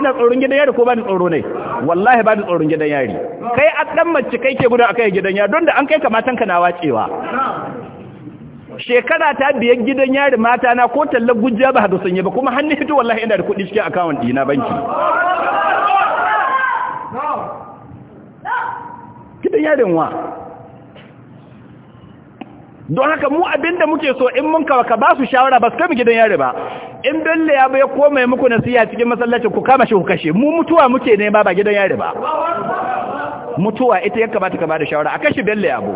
ina tsoron gidan yari ko ba ni tsoro ne wallahi ba ni tsoron gidan yari kai a dan mace kai ke gudu akai gidan yari don da an kai ka matan ka na wacewa shekara ta biyan gidan yari mata na ko talla gujja ba hadu sun yi ba kuma hannu fito wallahi ina da kuɗi cikin akawun na banki gidan yarin wa don haka mu abinda muke so in mun kawaka ba su shawara ba su kama gidan yare ba in bello ya bai komai muku nasiya cikin masallacin ku kama shi ku kashe mu mutuwa muke ne ba ba gidan yare ba mutuwa ita ya kamata ka bada shawara a kashe bello ya bu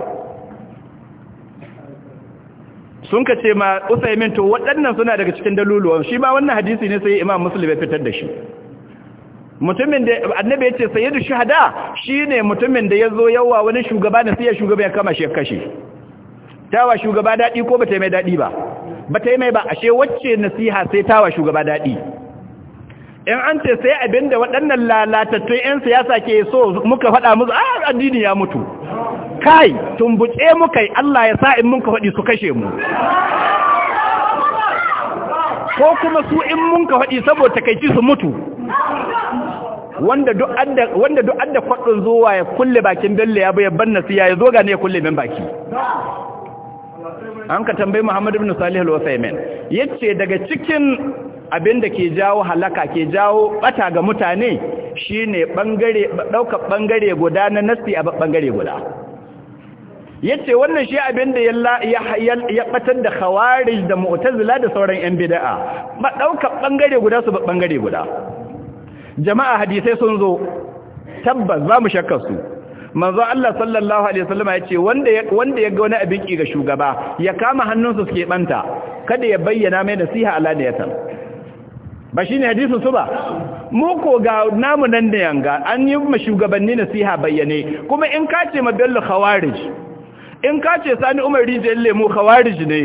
sun ka ce ma usaimin to waɗannan suna daga cikin daluluwan shi ma wannan hadisi ne sai imam muslim bai fitar da shi mutumin da annabi ya ce sayyidu shuhada shine mutumin da ya zo yawa wani shugaba na sai ya shugaba ya kama shi ya kashe tawa shugaba daɗi ko bata yi mai daɗi ba bata mai ba ashe wacce nasiha sai tawa shugaba daɗi in an ce sai abinda da waɗannan lalatattun 'yan siyasa ke so muka faɗa musu a ah, addini ya mutu kai tumbuce mu kai Allah ya sa in mun ka faɗi su kashe mu ko kuma su in mun ka faɗi saboda takaici su mutu wanda duk adda kwaɗin zuwa ya kulle bakin dalle ya bayyana ban ya zo gane ya kulle min baki an ka tambayi Muhammad ibn Salih al-Utsaimin yace daga cikin abin da ke jawo halaka ke jawo bata ga mutane shine bangare dauka bangare guda na nasti a bangare guda yace wannan shi abinda da ya batar da khawarij da mu'tazila da sauran yan bid'a ba dauka bangare guda su bangare guda jama'a hadisai sun zo tabbas ba mu shakkar su manzo Allah sallallahu alaihi wasallam ya ce wanda ya wanda ya ga wani abin ki ga shugaba ya kama hannunsa suke banta kada ya bayyana mai nasiha ala da yatan ba shine hadisin su ba mu ko ga namu nan da yanga an yi ma shugabanni nasiha bayyane kuma in ka ce ma bello khawarij in ka ce sani umar rijiyar lemu khawarij ne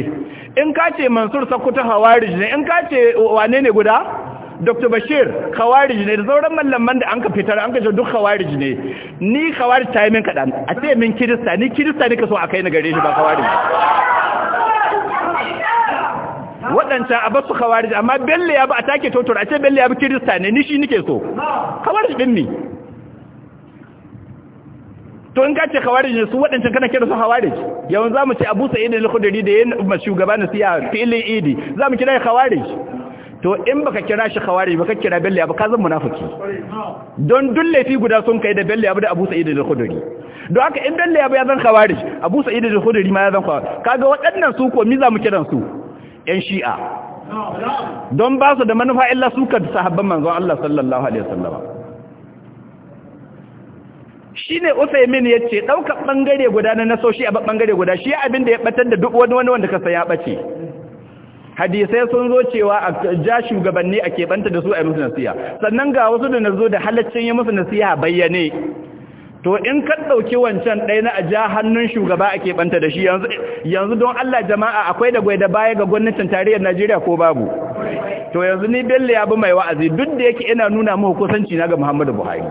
in ka ce mansur sakuta khawarij ne in ka ce wane ne guda dr bashir khawarij ne da sauran mallaman da an ka fitar an ka ce duk khawarij ne ni khawarij ta yi min kaɗan a ce min kirista ni kirista ne ka so a kai na gare shi ba khawarij waɗanta a basu khawarij amma belle ya ba a take totor a ce belle ya bi kirista ne ni shi nike so khawarij din mi to in kace khawarij ne su waɗancan kana kira su khawarij yawan zamu ce Abu Sa'id al-Khudri da yayin shugaban nasiya filin idi zamu kira khawarij to in baka kira shi khawari baka kira bello abu ka zan munafiki don dulle fi guda sun kai da bello abu da abu sa'id da khudri don haka in bello abu ya zan khawari abu sa'id da khudri ma ya zan khawari kaga waɗannan su ko mi za mu kiran su yan shi'a don ba su da manufa illa su ka sahabban manzon Allah sallallahu alaihi wasallam shine Usaimin yace dauka bangare guda na nasoshi a bangare guda shi abin da ya batar da duk wani wanda ka saya bace hadisai sun zo cewa a ja shugabanni a keɓanta da su a musu nasiha sannan ga wasu da na zo da halaccin yi musu nasiha bayyane to in ka ɗauki wancan ɗaya na a ja hannun shugaba a keɓanta da shi yanzu don Allah jama'a akwai da gwaida baya ga gwamnatin tarihin Najeriya ko babu to yanzu ni Bello ya bi mai wa'azi duk da yake ina nuna muku kusanci na ga Muhammadu Buhari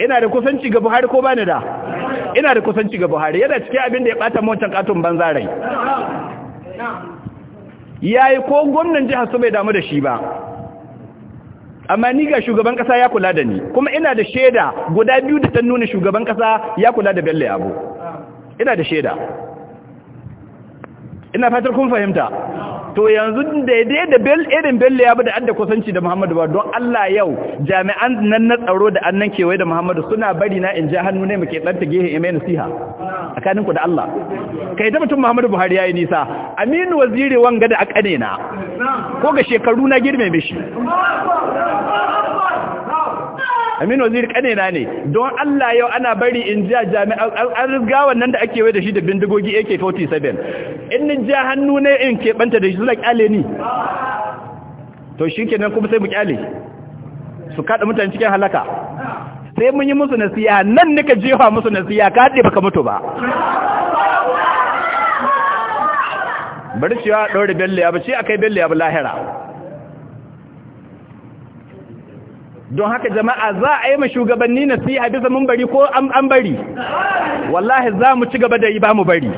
ina da kusanci ga Buhari ko bani da ina da kusanci ga Buhari yana cikin abin da ya bata motan katon banzarai yayi ko gwamnan jihar su bai damu da shi ba amma ni ga shugaban kasa ya kula da ni kuma ina da shaida guda biyu da ta nuna shugaban kasa ya kula da Bello Yabo ina da shaida ina fatar kun fahimta to yanzu daidai da irin bello ya ba da adda kusanci da muhammadu ba don allah yau jami'an nan na tsaro da annan kewaye da muhammadu suna bari na in ja hannu ne muke tsanta gehen imai nasiha a kaninku da allah kai ta mutum muhammadu buhari ya yi nisa aminu waziri wanga da akane na ko ga shekaru na girme mishi Aminu Waziri kanena ne don Allah yau ana bari in ja jami'an an riga wannan da ake wai da shi da bindigogi AK47 in ni ja hannu ne in keɓanta da shi suna kyale ni to shi kenan kuma sai mu kyale su kaɗa mutane cikin halaka sai mun yi musu nasiya nan nika jefa musu nasiya ka haɗe baka mutu ba bari cewa ɗaure belle ya ba ce akai belle ya ba lahira don haka jama'a za a yi na siya a bisa mun bari ko an bari wallahi za mu ci gaba da yi ba mu bari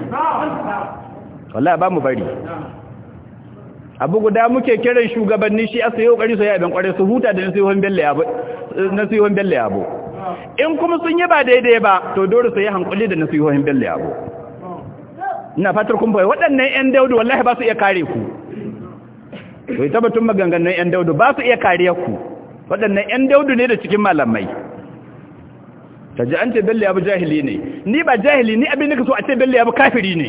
wallahi ba mu bari abu guda muke kiran shugabanni shi a sayo kari su ya ban kware su huta da nasihohin belle yabo nasihon in kuma sun yi ba daidai ba to dole su yi hankali da belle bella abu. ina fatar kun bai waɗannan 'yan daudu wallahi ba su iya kare ku to ita batun maganganun 'yan daudu ba su iya kare ku waɗannan 'yan daudu ne da cikin malamai ta ji an ce bello ya bi jahili ne ni ba jahili ni abin nika ka so a ce bello ya bi kafiri ne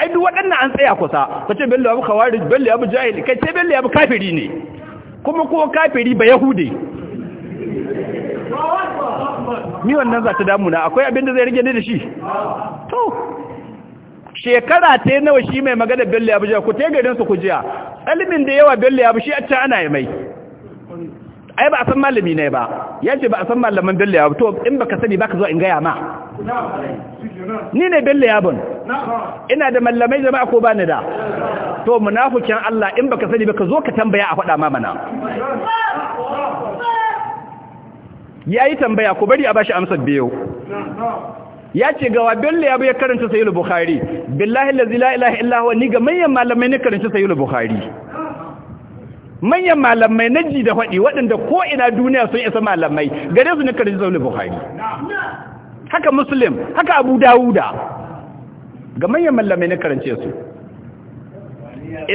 ai duk waɗannan an tsaya kusa ka ce bello ya bi kawari bello ya bi jahili kai ce bello ya bi kafiri ne kuma kuwa kafiri ba yahude ni wannan za ta damuna akwai abin da zai rage ne da shi to shekara ta nawa shi mai magana bello ya bi jahili ku te garin su ku jiya ilimin da yawa bello ya bi shi a can ana yi mai ai ba a san malami ne ba ya ce ba a san malaman bello ya to in baka sani baka zo in gaya ma ni ne bello ya bun ina da mallamai jama'a ko bani da to munafikin Allah in baka sani baka zo ka tambaya a faɗa ma mana yayi tambaya ko bari a bashi amsar biyo ya ce wa bello ya ya karanta sayyid bukhari billahi la ilaha illa huwa ni ga manyan malamai ne karanta sayyid bukhari manyan malamai na ji da faɗi waɗanda ko ina duniya sun isa malamai gare su ne karji zaune buhari haka musulun haka abu dawuda ga manyan malamai na karance su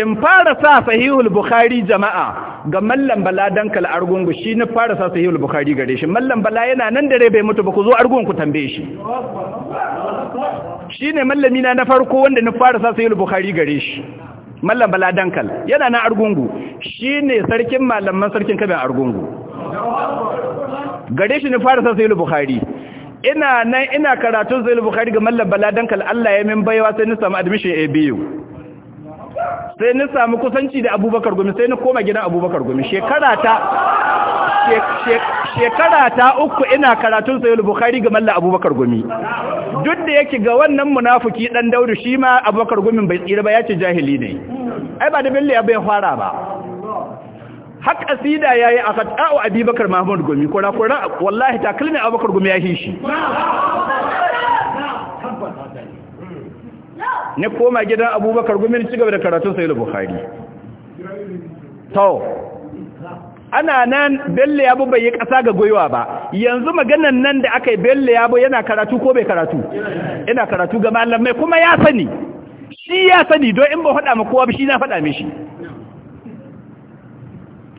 in fara sa sahihul bukhari jama'a ga mallan bala don kala argungu shi na fara sa sahihul bukhari gare shi mallan bala yana nan dare bai mutu ba ku zo argungu tambaye shi shi ne Mallamina na na farko wanda na fara sa sahihul bukhari gare shi mallam bala dankal yana na argungu shine sarkin malaman sarkin kabin argungu gare shi ne fara sa sayyid bukhari ina nan ina karatun sayyid bukhari ga mallam bala dankal Allah ya min baiwa sai ni samu admission a biyu sai na samu kusanci da abubakar gumi sai na koma gidan abubakar gumi shekara ta uku ina karatun sayul bukari ga malla abubakar gumi duk da yake ga wannan munafuki dan daudu shi ma abubakar gumi bai tsira ba ya ce jahili ne ai ba da bille ya bai fara ba hak asida yayi a fata'u abubakar mahmud gumi kora kora wallahi takalmin abubakar gumi ya hishi ne koma gidan abubakar gumin ci gaba da karatun sai da bukhari to ana nan bello yabo bai yi ƙasa ga gwiwa ba yanzu maganan nan da aka yi bello yabo yana karatu ko bai karatu yana karatu ga malamai kuma ya sani shi ya sani don in ba faɗa ma kowa shi na faɗa mishi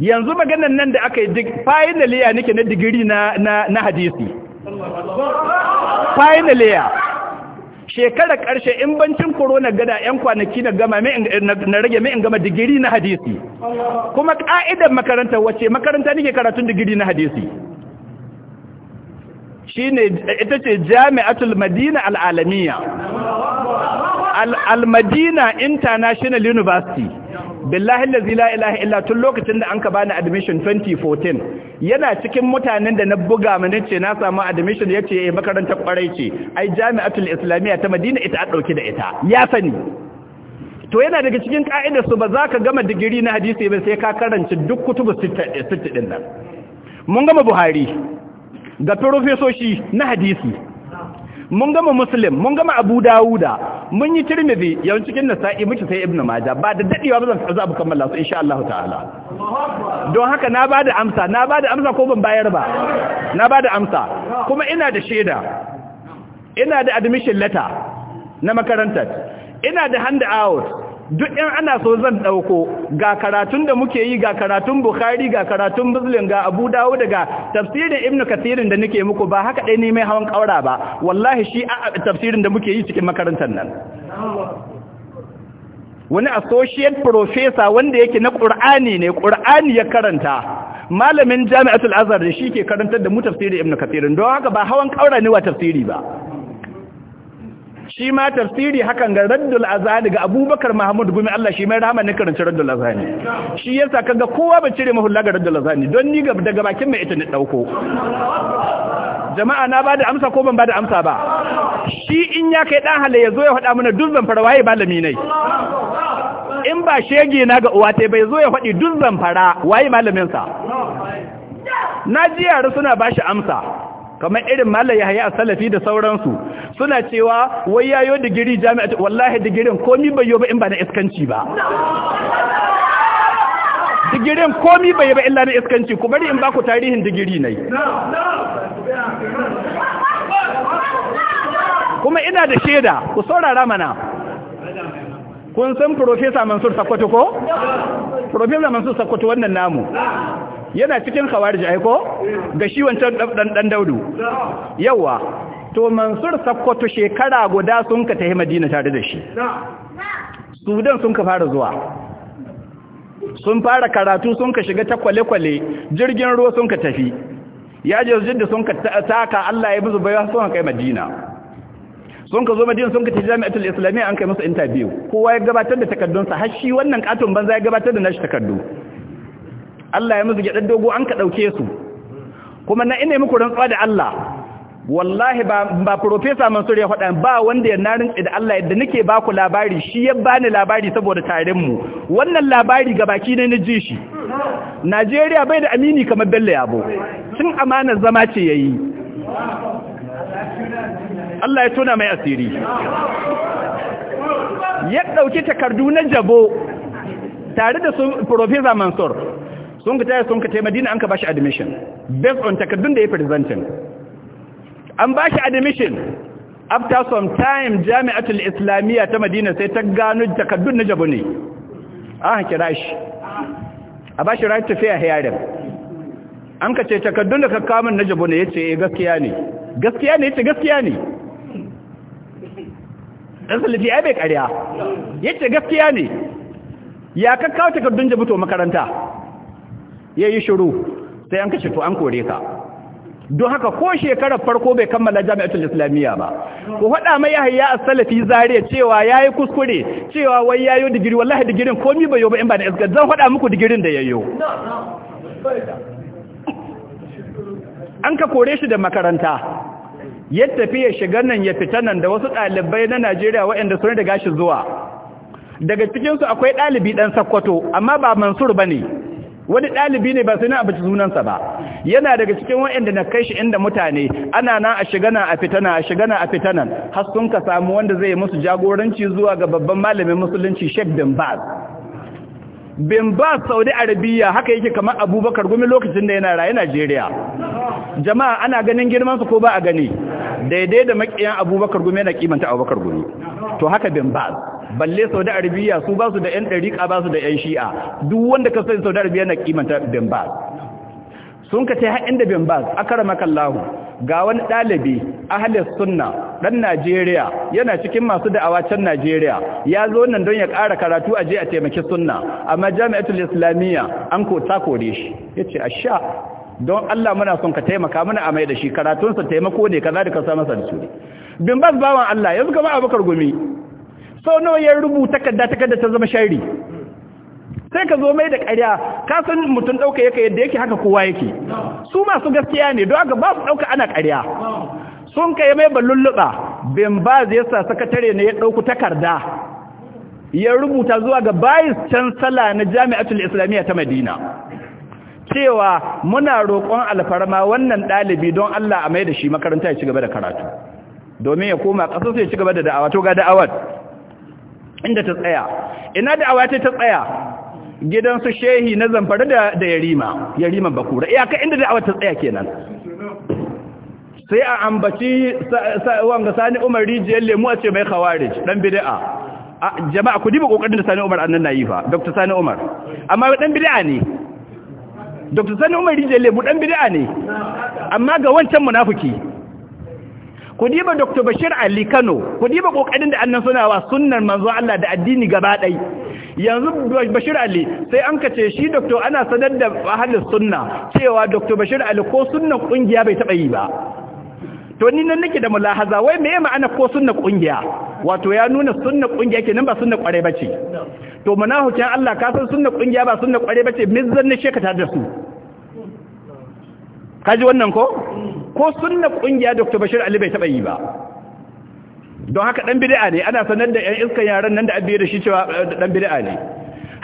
yanzu maganan nan da aka yi finally ya nake na digiri na hadisi finally ya shekarar ƙarshe in bancin korona gada 'yan kwanaki na gama na rage mai in gama digiri na hadisi kuma ƙa'idan makaranta wace makaranta nike karatun digiri na hadisi ne ita ce jami'atul madina al'alamiya al-madina international university billahi la ilaha illa tun lokacin da an ka bani admission 2014 yana cikin mutanen da na buga mana ce na samu admission yace eh makaranta kwarai ce ai jami'atul islamiyya ta Madina ita a ɗauki da ita ya sani to yana daga cikin ka'idar su ba za ka gama digiri na hadisi ba sai ka karanci duk kutubu 60 din nan mun gama Buhari ga profesoshi na hadisi mun gama muslim mun gama abu dawuda mun yi tirmidhi yawan cikin nasa'i muke sai ibnu majah ba da dadewa ba zan za mu kammala su insha Allah ta'ala don haka na bada amsa na bada amsa ko ban bayar ba na bada amsa kuma ina da shaida ina da admission letter na makarantar ina da hand out duk ɗin ana so zan ɗauko ga karatun da muke yi ga karatun bukhari ga karatun muslim ga abu Dawud, daga tafsirin Ibn kasirin da nake muku ba haka dai ne mai hawan ƙaura ba wallahi shi a tafsirin da muke yi cikin makarantar nan wani associate professor wanda yake na ƙur'ani ne ƙur'ani ya karanta malamin jami'atul azhar da shi ke karantar da mu tafsirin Ibn kasirin don haka ba hawan kaura ne wa tafsiri ba shi ma tafsiri hakan ga raddul azani ga abubakar mahmud gumi Allah shi mai rahama ne karanci raddul azani shi yasa kaga kowa ba cire mahulla ga raddul azani don ni daga bakin mai ita ne dauko jama'a na bada amsa ko ban bada amsa ba shi in ya kai dan halaye yazo ya faɗa mana duk zan fara waye malami ne in ba shege na ga uwa tai bai zo ya faɗi duk zan fara waye malamin sa na ji yara suna bashi amsa kamar irin mallam haya a salafi da sauransu suna cewa wai yayo digiri jami'a wallahi digirin komi bai yo ba in ba na iskanci ba digirin komi bai ba illa na iskanci ku bari in ba ku tarihin digiri nai kuma ina da shaida ku saurara mana kun san profesa Mansur sakwato ko profesa Mansur sakwato wannan namu yana cikin khawarij aiko ga shi wancan dan daudu yawa to mansur sakkwato shekara guda sun ka tafi madina tare da shi sudan sun ka fara zuwa sun fara karatu sun ka shiga ta kwale-kwale jirgin ruwa sun ka tafi ya je da sun ka taka Allah ya musu baiwa sun kai madina sun ka zo madina sun ka tafi jami'atul islamiyya an kai musu interview kowa ya gabatar da takardunsa har shi wannan katon banza ya gabatar da nashi takardu Allah ya musu gyaɗar dogo an ka ɗauke su kuma na ina muku rantsuwa da Allah wallahi ba ba professor Mansur ya faɗa ba wanda ya narin da Allah yadda nake ba ku labari shi ya bani labari saboda tarin mu wannan labari ga baki ne na ji shi Najeriya bai da amini kamar Bello Yabo sun amanar zama ce yayi Allah ya tona mai asiri ya ɗauki takardu na jabo tare da su Profesa Mansur sun ka taya sun ka tai madina an ka bashi admission based on takardun da ya presenting an bashi admission after some time jami'atul islamiyya ta madina sai ta gano takardun na jabu ne an kira shi a bashi right to fair hearing an ka ce takardun da ka kawo na jabu ne yace eh gaskiya ne gaskiya ne yace gaskiya ne dan salafi ai bai ƙarya yace gaskiya ne ya ka takardun jabu to makaranta ya yi shiru sai an kashe to an kore ka don haka ko shekarar farko bai kammala jami'atul islamiyya ba ku haɗa mai yahaya as-salafi zariya cewa yayi kuskure cewa wai yayi digiri wallahi digirin komai bai yo ba in ba da isgar zan hada muku digirin da yayyo an ka kore shi da makaranta ya tafi ya shiga nan ya fita nan da wasu ɗalibai na Najeriya waɗanda sun riga shi zuwa daga cikinsu akwai ɗalibi ɗan Sokoto amma ba Mansur ba ne wani ɗalibi ne ba sai na abinci sunansa ba yana daga cikin waɗanda na kai shi inda mutane ana na a shigana na a fitana a shiga a fitanan har sun ka samu wanda zai yi musu jagoranci zuwa ga babban malamin musulunci Sheikh bin Baz bin Baz Saudi Arabiya haka yake kamar Abubakar gumi lokacin da yana rayu Najeriya jama'a ana ganin girman su ko ba a gani daidai da makiyan Abubakar gumi yana kimanta Abubakar gumi to haka bin Baz balle Saudi Arabia su ba su da yan dariƙa ba su da yan Shi'a duk wanda ka san Saudi Arabia na kimanta Bin sun ka ce har inda Bin kan akramakallahu ga wani ɗalibi ahli sunna ɗan Najeriya yana cikin masu da'awa can Najeriya ya zo nan don ya ƙara karatu a je a taimaki sunna amma Jami'atul Islamiyya an ko ta kore shi yace asha don Allah muna son ka taimaka mana a mai da shi karatunsa taimako ne kaza da ka masa da su bin bas bawan Allah yanzu kamar abubakar gumi so nawa ya rubuta takarda takarda ta zama shari sai ka zo mai da ƙarya ka san mutum ɗauka yake yadda yake haka kowa yake su masu gaskiya ne don haka ba su ɗauka ana ƙarya sun kai mai ballulluɓa bin ba zai sa sakatare ne ya ɗauku takarda ya rubuta zuwa ga bayis can sala na jami'atul islamiyya ta madina cewa muna roƙon alfarma wannan ɗalibi don Allah a mai da shi makaranta ya ci gaba da karatu domin ya koma sai ya ci gaba da da'awa to ga da'awar inda ta tsaya ina da awa ta tsaya gidansu shehi na zamfara da da yarima yariman bakura iyaka inda da awa ta tsaya kenan sai a ambaci wanga sani umar rijiyar lemu a ce mai khawarij dan bid'a jama'a ku diba kokarin da sani umar annan nayi fa dr sani umar amma dan bid'a ne dr sani umar rijiyar lemu dan bid'a ne amma ga wancan munafiki ku diba dr bashir ali kano ku diba kokarin da annan suna wa sunnar manzo Allah da addini gaba ɗai yanzu bashir ali sai an kace shi dr ana sanar da ahalin sunna cewa dr bashir ali ko sunan kungiya bai taɓa yi ba to ni nan nake da mulahaza wai me ma'ana ko sunna kungiya wato ya nuna sunna kungiya kenan ba sunna kware ce. to munafikin Allah ka san sunna kungiya ba sunna kware bace mizzan ne shekata da su kaji wannan ko ko sunna kungiya Dr. Bashir Ali bai taba yi ba don haka dan bid'a ne ana sanar da ƴan iskan yaran nan da abiye da shi cewa dan bid'a ne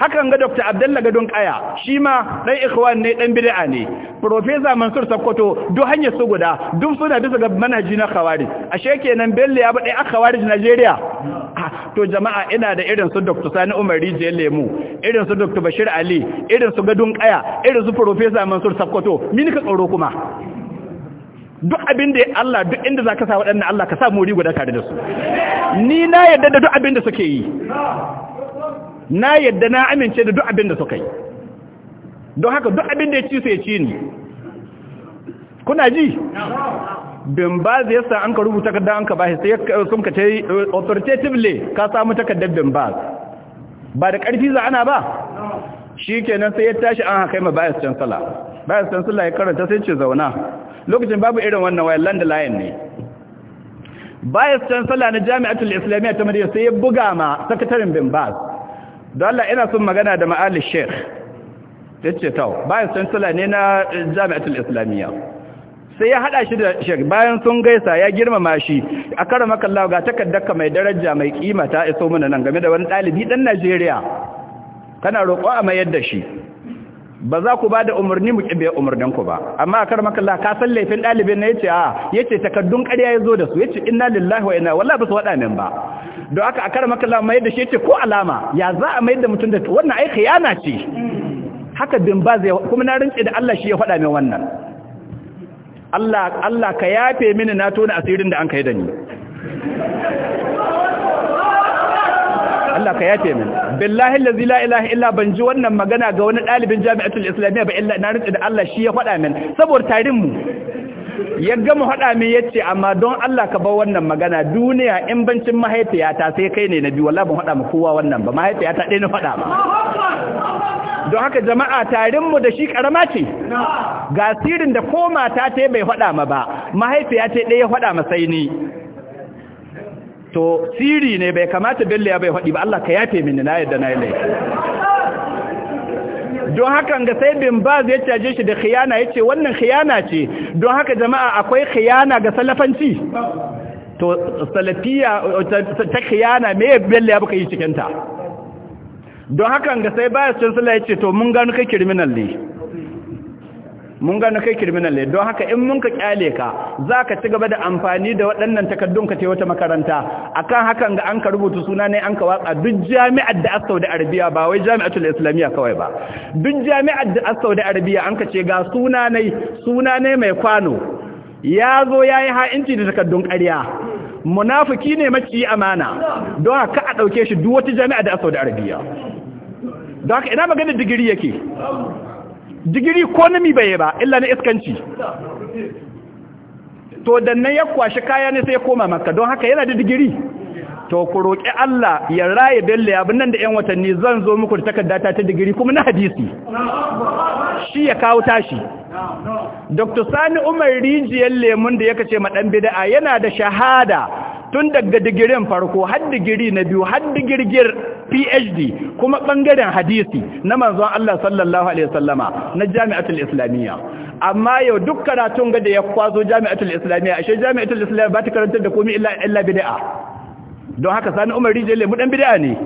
hakan ga Dr. Abdalla Gadon Kaya shi ma dan ikhwan ne dan bid'a ne Professor Mansur Sakkwato duk hanyar su guda duk suna bisa ga manhaji na Khawarij ashe kenan Bello ya bude a Khawarij Najeriya ah, to jama'a ina da irin su Dr. Sani Umar Rijiyar Lemu irin su Dr. Bashir Ali irin su Gadon Kaya irin su Professor Mansur Sakkwato mini ka tsoro kuma duk abin da Allah duk inda ka sa waɗannan Allah ka sa muri guda tare da su ni na yadda da duk abin da suke yi na yadda na amince da duk abin da suka yi don haka duk abin da ya ci su ya ci ni kuna ji bin ba zai yasa an ka rubuta takarda an ka bashi sai sun ka ce authoritatively ka samu takardar bin ba ba da ƙarfi za ana ba Shi kenan sai ya tashi an haka ma bayas sala bayan san sallah ya karanta sai ce zauna lokacin babu irin wannan wayar land line ne bayan san sallah na jami'atul islamiyya ta madina sai ya buga ma sakataren bin bas don Allah ina son magana da ma'ali sheikh yace taw bayan san sallah ne na jami'atul islamiyya sai ya hada shi da shek bayan sun gaisa ya girmama shi a kara makallawa ga takaddaka mai daraja mai kima ta iso mana nan game da wani ɗalibi ɗan Najeriya kana roƙo a mayar da shi ba za ku ba da umarni mu kibe ku ba amma a akar makalla ka san laifin dalibin ne yace a yace takaddun ƙarya zo da su yace inna lillahi wa inna wallahi ba su wada min ba don haka a akar makalla mai da shi yace ko alama ya za a mai da mutum da wannan ai khiyana ce haka bin ba zai kuma na rince da Allah shi ya fada min wannan Allah Allah ka yafe mini na tona asirin da an kai da ni Allah ka yafe min billahi allazi la ilaha illa ban ji wannan magana ga wani dalibin jami'atul islamiyya ba illa na rinta da Allah shi ya faɗa min saboda tarin mu ya gama faɗa min yace amma don Allah ka bar wannan magana duniya in bancin mahaifiyata sai kai ne nabi wallahi ban faɗa mu kowa wannan ba mahaifiyata ɗaya na faɗa ba don haka jama'a tarinmu da shi karama ce ga sirrin da ko mata ta bai faɗa ma ba mahaifiya ɗaya ya faɗa ma sai ni to siri ne bai kamata bello ya bai faɗi ba Allah ka yafe mini na yadda na yi laifi don haka ga sai bin baz ya caje shi da khiyana ya ce wannan khiyana ce don haka jama'a akwai khiyana ga salafanci to salafiya ta khiyana me bello ya buka yi cikinta don haka ga sai baz chancellor ya ce to mun gano kai criminal ne mun gano kai criminal ne don haka in mun ka kyale ka za ka ci gaba da amfani da waɗannan takardun ka ce wata makaranta akan hakan ga an ka rubuta suna ne an ka watsa duk jami'ar da Saudi Arabia ba wai jami'atul Islamiyya kawai ba duk jami'ar da Saudi Arabia an ka ce ga suna ne suna ne mai kwano ya zo yayi ha'inci da takardun ƙarya munafiki ne maci amana don haka a ɗauke shi duk wata jami'a da Saudi Arabia don haka ina maganar digiri yake digiri ko nami bai ba illa na iskanci to da nan ya kwashi kaya ne sai ya koma maka don haka yana da digiri to ku roƙi Allah ya raye bello abin nan da ƴan watanni zan zo muku da takarda ta ta digiri kuma na hadisi shi ya kawo tashi Dr. Sani Umar rijiyar lemun da ya kashe ma dan bid'a yana da shahada tun daga digirin farko har digiri na biyu har digirgir PhD kuma bangaren hadisi na manzon Allah sallallahu alaihi wasallama na Jami'atul Islamiyya amma yau duk karatun ga da ya kwazo Jami'atul Islamiyya ashe Jami'atul Islamiyya ba ta karantar da komai illa illa bid'a don haka sani umar rijiyar lemu ɗan bida ne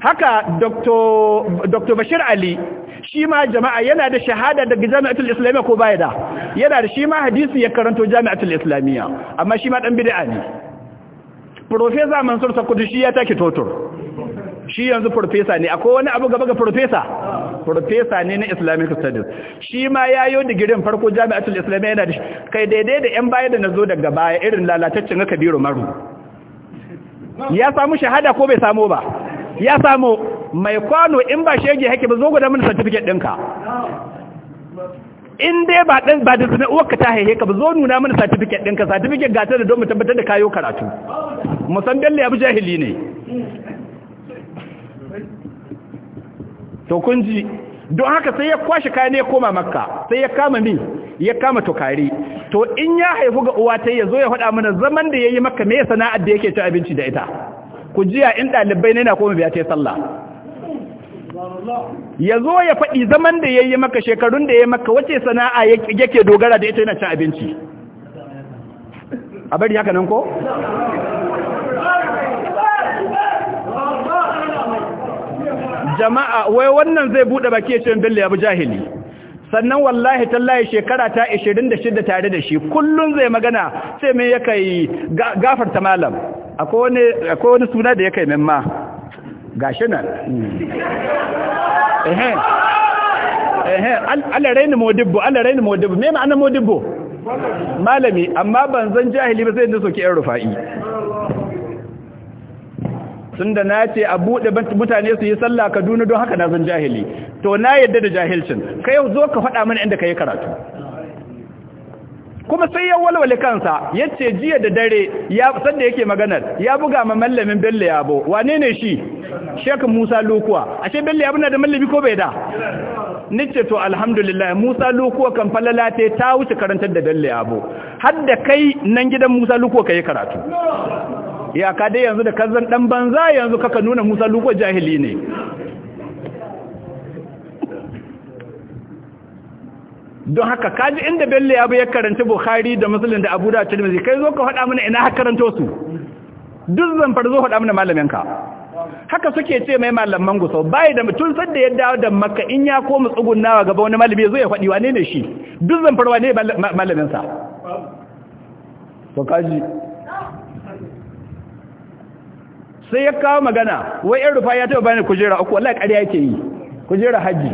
haka dr bashir ali shi ma jama'a yana da shahada daga jami'atul islamiyya ko baya da yana da shi ma hadisi ya karanto jami'atul islamiyya amma shi ma ɗan bida ne profesa mansur sakudu shi ya take totor shi yanzu profesa ne akwai wani abu gaba ga profesa profesa ne na islamic studies shi ma ya yayo digirin farko jami'atul islamiyya yana da shi kai daidai da yan baya da na zo daga baya irin lalataccen kabiru maru ya samu shahada ko bai samu ba ya samu mai kwano in ba shege hake ba zo guda mana certificate ɗinka in dai ba ɗan ba da ka ta haihe ka ba zo nuna mana certificate ɗinka certificate gata da don mu tabbatar da kayo karatu musamman bello ya bi jahili ne to kun ji don haka sai ya kwashi kayan ya koma makka sai ya kama mi ya kama tukari to in ya haifu ga uwa ta ya zo ya faɗa mana zaman da ya yi makka me sana'ar da yake ci abinci da ita ku jiya in ɗalibai ne na koma biya ta sallah ya zo ya faɗi zaman da ya yi maka shekarun da ya yi maka wace sana'a yake dogara da ita yana cin abinci a bari haka nan ko? jama'a wai wannan zai bude baki ya ce min ya abu jahili sannan wallahi tallahi shekara ta 26 tare da shi kullun zai magana sai me ya kai gafarta malam akwai wani akwai wani suna da ya kai min ma gashi nan eh eh Allah raini modibbo Allah raini modibbo me ma'ana modibbo malami amma ban zan jahili ba sai inda soke yan rufa'i tun da na ce a buɗe mutane su yi sallah kaduna don haka na zan jahili to na yadda da jahilcin ka yau zo ka faɗa mana inda ka yi karatu kuma sai ya walwale kansa ya ce jiya da dare ya sanda yake maganar ya buga ma mallamin bello yabo wane ne shi Shekin musa lokuwa ashe bello ya na da mallami ko bai da nice to alhamdulillah musa lokuwa kan falala ta wuce karantar da bello yabo har da kai nan gidan musa lokuwa ka yi karatu ya ka dai yanzu da kazan dan banza yanzu kaka nuna Musa lugo jahili ne don haka kaji inda Bello ya bi ya karanta Bukhari da Muslim da Abu Dawud Tirmidhi kai zo ka faɗa mana ina ka karanto su duk zan fara zo faɗa mana malamin ka haka suke ce mai malaman gusau bai da mutun sadda ya dawo da makka in ya koma tsugunnawa gaba wani malami zai faɗi wane ne shi duk zan fara wane malamin sa to kaji sai ya kawo magana wai yan rufa ya taba bani kujera uku wallahi ƙarya yake yi kujera haji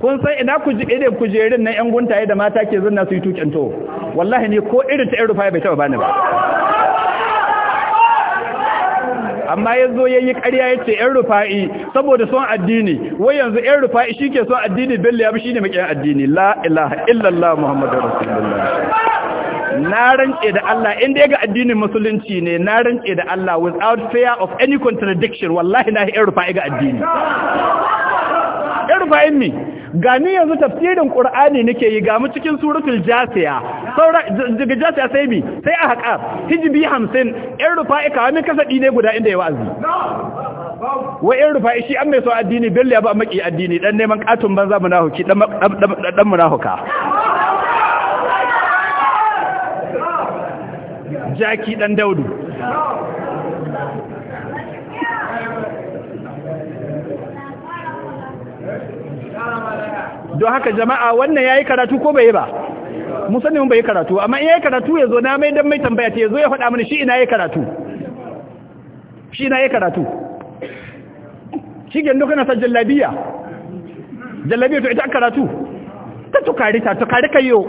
kun san ina ku irin kujerin nan yan guntaye da mata ke zanna su yi tukin to wallahi ne ko irin ta yan rufa bai taba bani ba amma ya zo ya yi ƙarya ya ce ‘yan rufa'i saboda son addini wai yanzu ‘yan rufa'i shi ke son addini bello ya shi ne maƙiyan addini la ilaha illallah muhammadu rasulullah na rantse da Allah inda dai ga addinin musulunci ne na rantse da Allah without fear of any contradiction wallahi na yi rufa'i ga addini rufa'in mi gani yanzu tafsirin qur'ani nake yi ga mu cikin suratul jasiya saura daga jasiya sai mi sai a haƙa hijbi 50 in rufa'i kawai min kasadi ne guda inda ya wa'azi wa in rufa'i shi an mai so addini billa ba maki addini dan neman katun banza munahuki dan dan munahuka jaki ɗan daudu don haka jama'a wannan ya yi karatu ko bai yi ba musamman bai yi karatu amma in ya yi karatu ya zo na mai don mai tambaya ta ya zo ya faɗa mana shi ina ya yi karatu shi ina ya yi karatu shi gyan kana sa jallabiya jallabiya to ita karatu ta tukari ta tukari kayo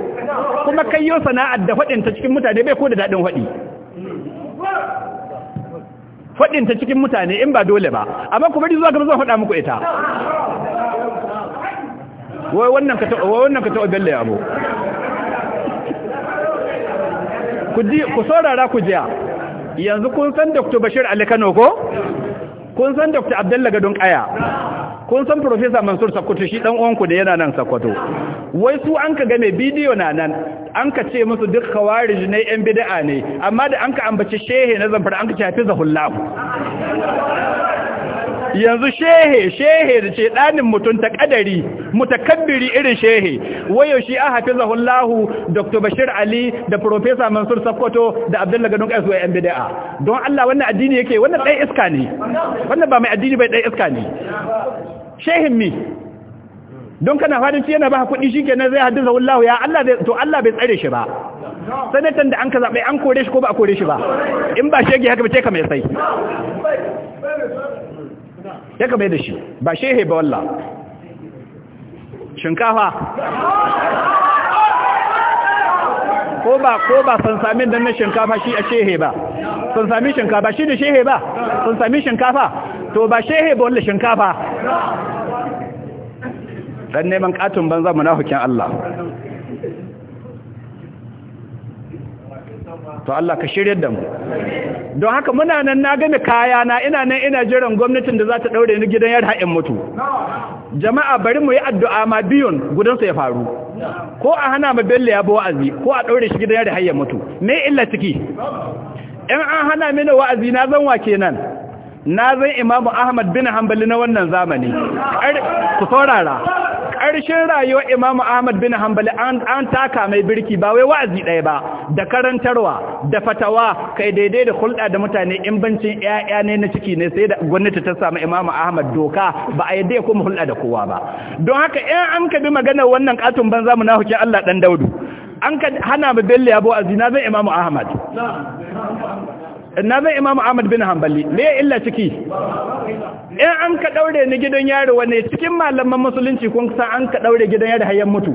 kuma yau sana'ar da faɗinta cikin mutane bai ko da daɗin faɗi faɗinta cikin mutane in ba dole ba amma kuma bari zuwa gaba zan faɗa muku ita wai wannan ka taɓa wannan ka taɓa bella yabo ku ji ku saurara ku jiya yanzu kun san Dr. Bashir Ali Kano ko kun san Dr. Abdullahi Gadon Kaya kun san professor Mansur Sakkwato shi dan uwanku da yana nan Sakkwato? wai su an ka game bidiyo na nan an ka ce musu duk khawarij ne yan bida'a ne amma da an ka ambaci shehe na zamfara an ka ce zahullahu yanzu shehe shehe da ce ɗanin mutum ta ƙadari mutakabbiri irin shehe wayo shi a zahullahu dr bashir ali da profesa mansur sakkwato da abdullahi gadon ƙaisu yan bida'a don allah wannan addini yake wannan ɗan iska ne wannan ba mai addini bai ɗan iska ne shehin mi don kana fadin shi yana ba kudi shi kenan zai haddasa wallahu ya Allah to Allah bai tsare shi ba sanatan da an ka zaɓe an kore shi ko ba a kore shi ba in ba shege haka ba ce ka mai sai ya ka mai da shi ba shehe ba wallah shinkafa ko ba ko ba san sami dan na shinkafa shi a shehe ba san sami shinkafa shi da shehe ba san sami shinkafa to ba shehe ba wani shinkafa dan neman katon banza hukin Allah to Allah ka shiryar da mu don haka muna nan na gane kaya na ina nan ina jiran gwamnatin da za ta daure ni gidan yar ha'in mutu jama'a bari mu yi addu'a ma biyun gudansu ya faru ko a hana ma bello ya bi wa'azi ko a daure shi gidan yar ha'in mutu me illa ciki in an hana mini wa'azi na zan wa kenan na zai imamu ahmad bin hanbali na wannan zamani ku saurara ƙarshen rayuwar imamu ahmad bin hanbali an taka mai birki ba wai wa'azi ɗaya ba da karantarwa da fatawa kai daidai da hulɗa da mutane in bancin 'ya'ya ne na ciki ne sai da gwamnati ta samu imamu ahmad doka ba a yadda ya kuma hulɗa da kowa ba don haka in an ka bi maganar wannan katon banza mu na hukin allah ɗan daudu an ka hana mu bello yabo azina zai imamu ahmad na zai imamu ahmad bin hanbali me ya illa ciki in an ka daure ni gidan yaro wane cikin malaman musulunci kun sa an ka daure gidan yaro hayyan mutu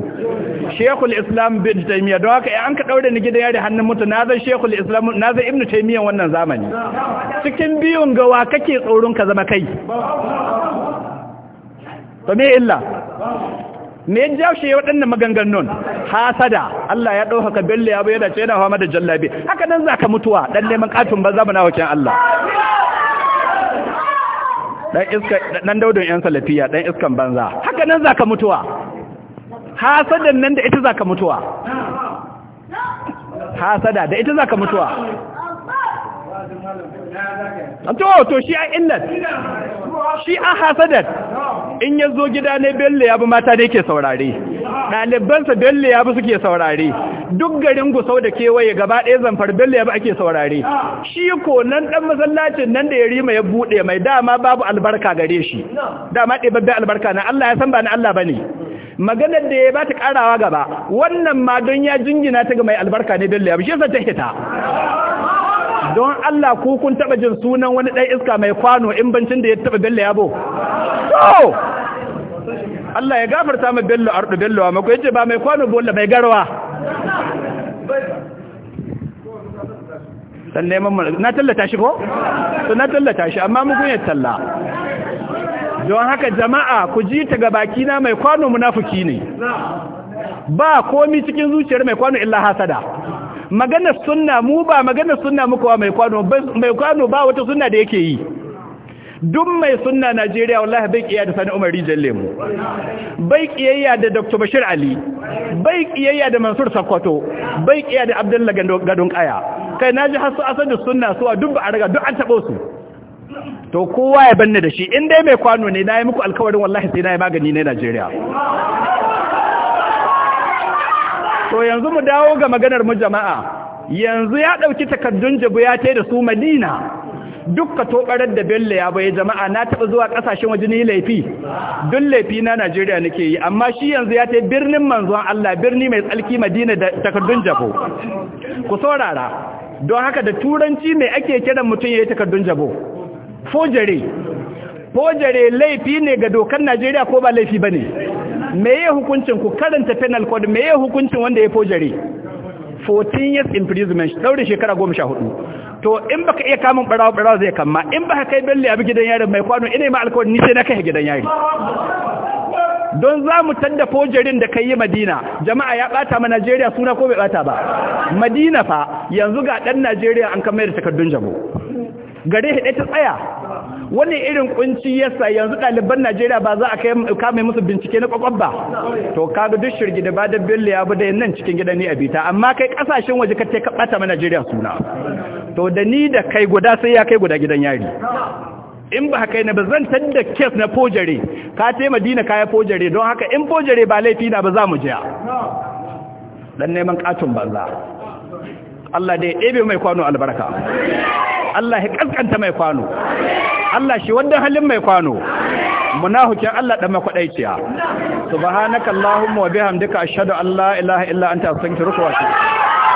shekul islam bin taimiyya don haka in an ka daure ni gidan yaro hannun mutu na zai shekul islam na zai ibnu taimiyya wannan zamani cikin biyun gawa kake tsoron ka zama kai to me illa me ya jawo shi waɗannan maganganun hasada Allah ya ɗaukaka belle ya bayyana ce yana fama da jallabi haka nan zaka mutuwa dan neman katun ba za mu nawa kin Allah dan iska dan daudon yan salafiya dan iskan banza haka nan zaka mutuwa hasadan nan da ita zaka mutuwa hasada da ita zaka mutuwa to to shi a illat shi a hasadar in yazo zo gida ne bello ya bi mata da yake saurare ɗalibansa bello ya bi suke saurare duk garin gusau da kewaye gaba ɗaya zamfar bello ya bi ake saurare shi ko nan ɗan masallacin nan da ya rima ya buɗe mai dama babu albarka gare shi dama ɗaya babban albarka na Allah ya san ba na Allah ba ne maganar da ya ba ta ƙarawa gaba wannan ma don ya jingina ta ga mai albarka ne bello ya bi shi ta hita don Allah ko kun taba jin sunan wani ɗan iska mai kwano in bancin da ya taba bello yabo so Allah ya gafarta ma bello ardu bello amma ko yace ba mai kwano bolla mai garwa dan neman na tallata shi ko to na tallata shi amma mun kunya talla don haka jama'a ku ji ta ga baki na mai kwano munafiki ne ba komi cikin zuciyar mai kwano illa hasada maganar sunna mu ba maganar sunna muka wa mai kwano mai kwano ba wata sunna da yake yi duk mai sunna Najeriya wallahi bai kiyaya da Sani Umar Rijalle bai kiyaya da Dr. Bashir Ali bai kiyaya da Mansur Sakkwato bai kiyaya da Abdullahi Gadon Kaya kai naji har su asan da sunna su a duk ba a raga duk an tabo su to kowa ya banne da shi in dai mai kwano ne na yi muku alkawarin wallahi sai na yi magani ne Najeriya to yanzu mu dawo ga maganar mu jama'a yanzu ya ɗauki takaddun jabu ya tai da su madina dukka karar da bello ya bai jama'a na taba zuwa kasashen waje ne laifi dun laifi na Najeriya nake yi amma shi yanzu ya tai birnin manzon Allah birni mai tsalki Madina da takardun jabo ku saurara don haka da turanci mai ake kiran mutum ya yi takardun jabo fojare fojare laifi ne ga dokar Najeriya ko ba laifi bane meye hukuncin ku karanta penal code meye hukuncin wanda ya fojare 14 years imprisonment daure shekara 14 to in baka iya kamun barawa barawa zai kama in baka kai belle a gidan yari mai kwano ina ma alkawari ni sai na kai gidan yari don za mu tadda fojarin da kai yi madina jama'a ya bata ma najeriya suna ko bai bata ba madina fa yanzu ga dan najeriya an kamar da takardun jabo gare hade ta tsaya wani irin kunci yasa yanzu ɗaliban Najeriya ba za a kai kame musu bincike na kwakwab ba to kaga duk shirgi da bada billa ya bude nan cikin gidan ni abita amma kai kasashen waje ka ka bata ma Najeriya suna to da ni da kai guda sai ya kai guda gidan yari in ba haka na ba zan tadda kes na fojare ka te madina ya fojare don haka in fojare ba laifi na ba za mu jiya dan neman katun banza Allah da ya ɗebe mai kwano albarka Allah ya ƙasƙanta mai kwano Allah shi wanda halin mai kwano munahukin Allah ɗan makwaɗaiciya subhanakallahumma wa bihamdika ashhadu an la ilaha illa anta astaghfiruka wa atubu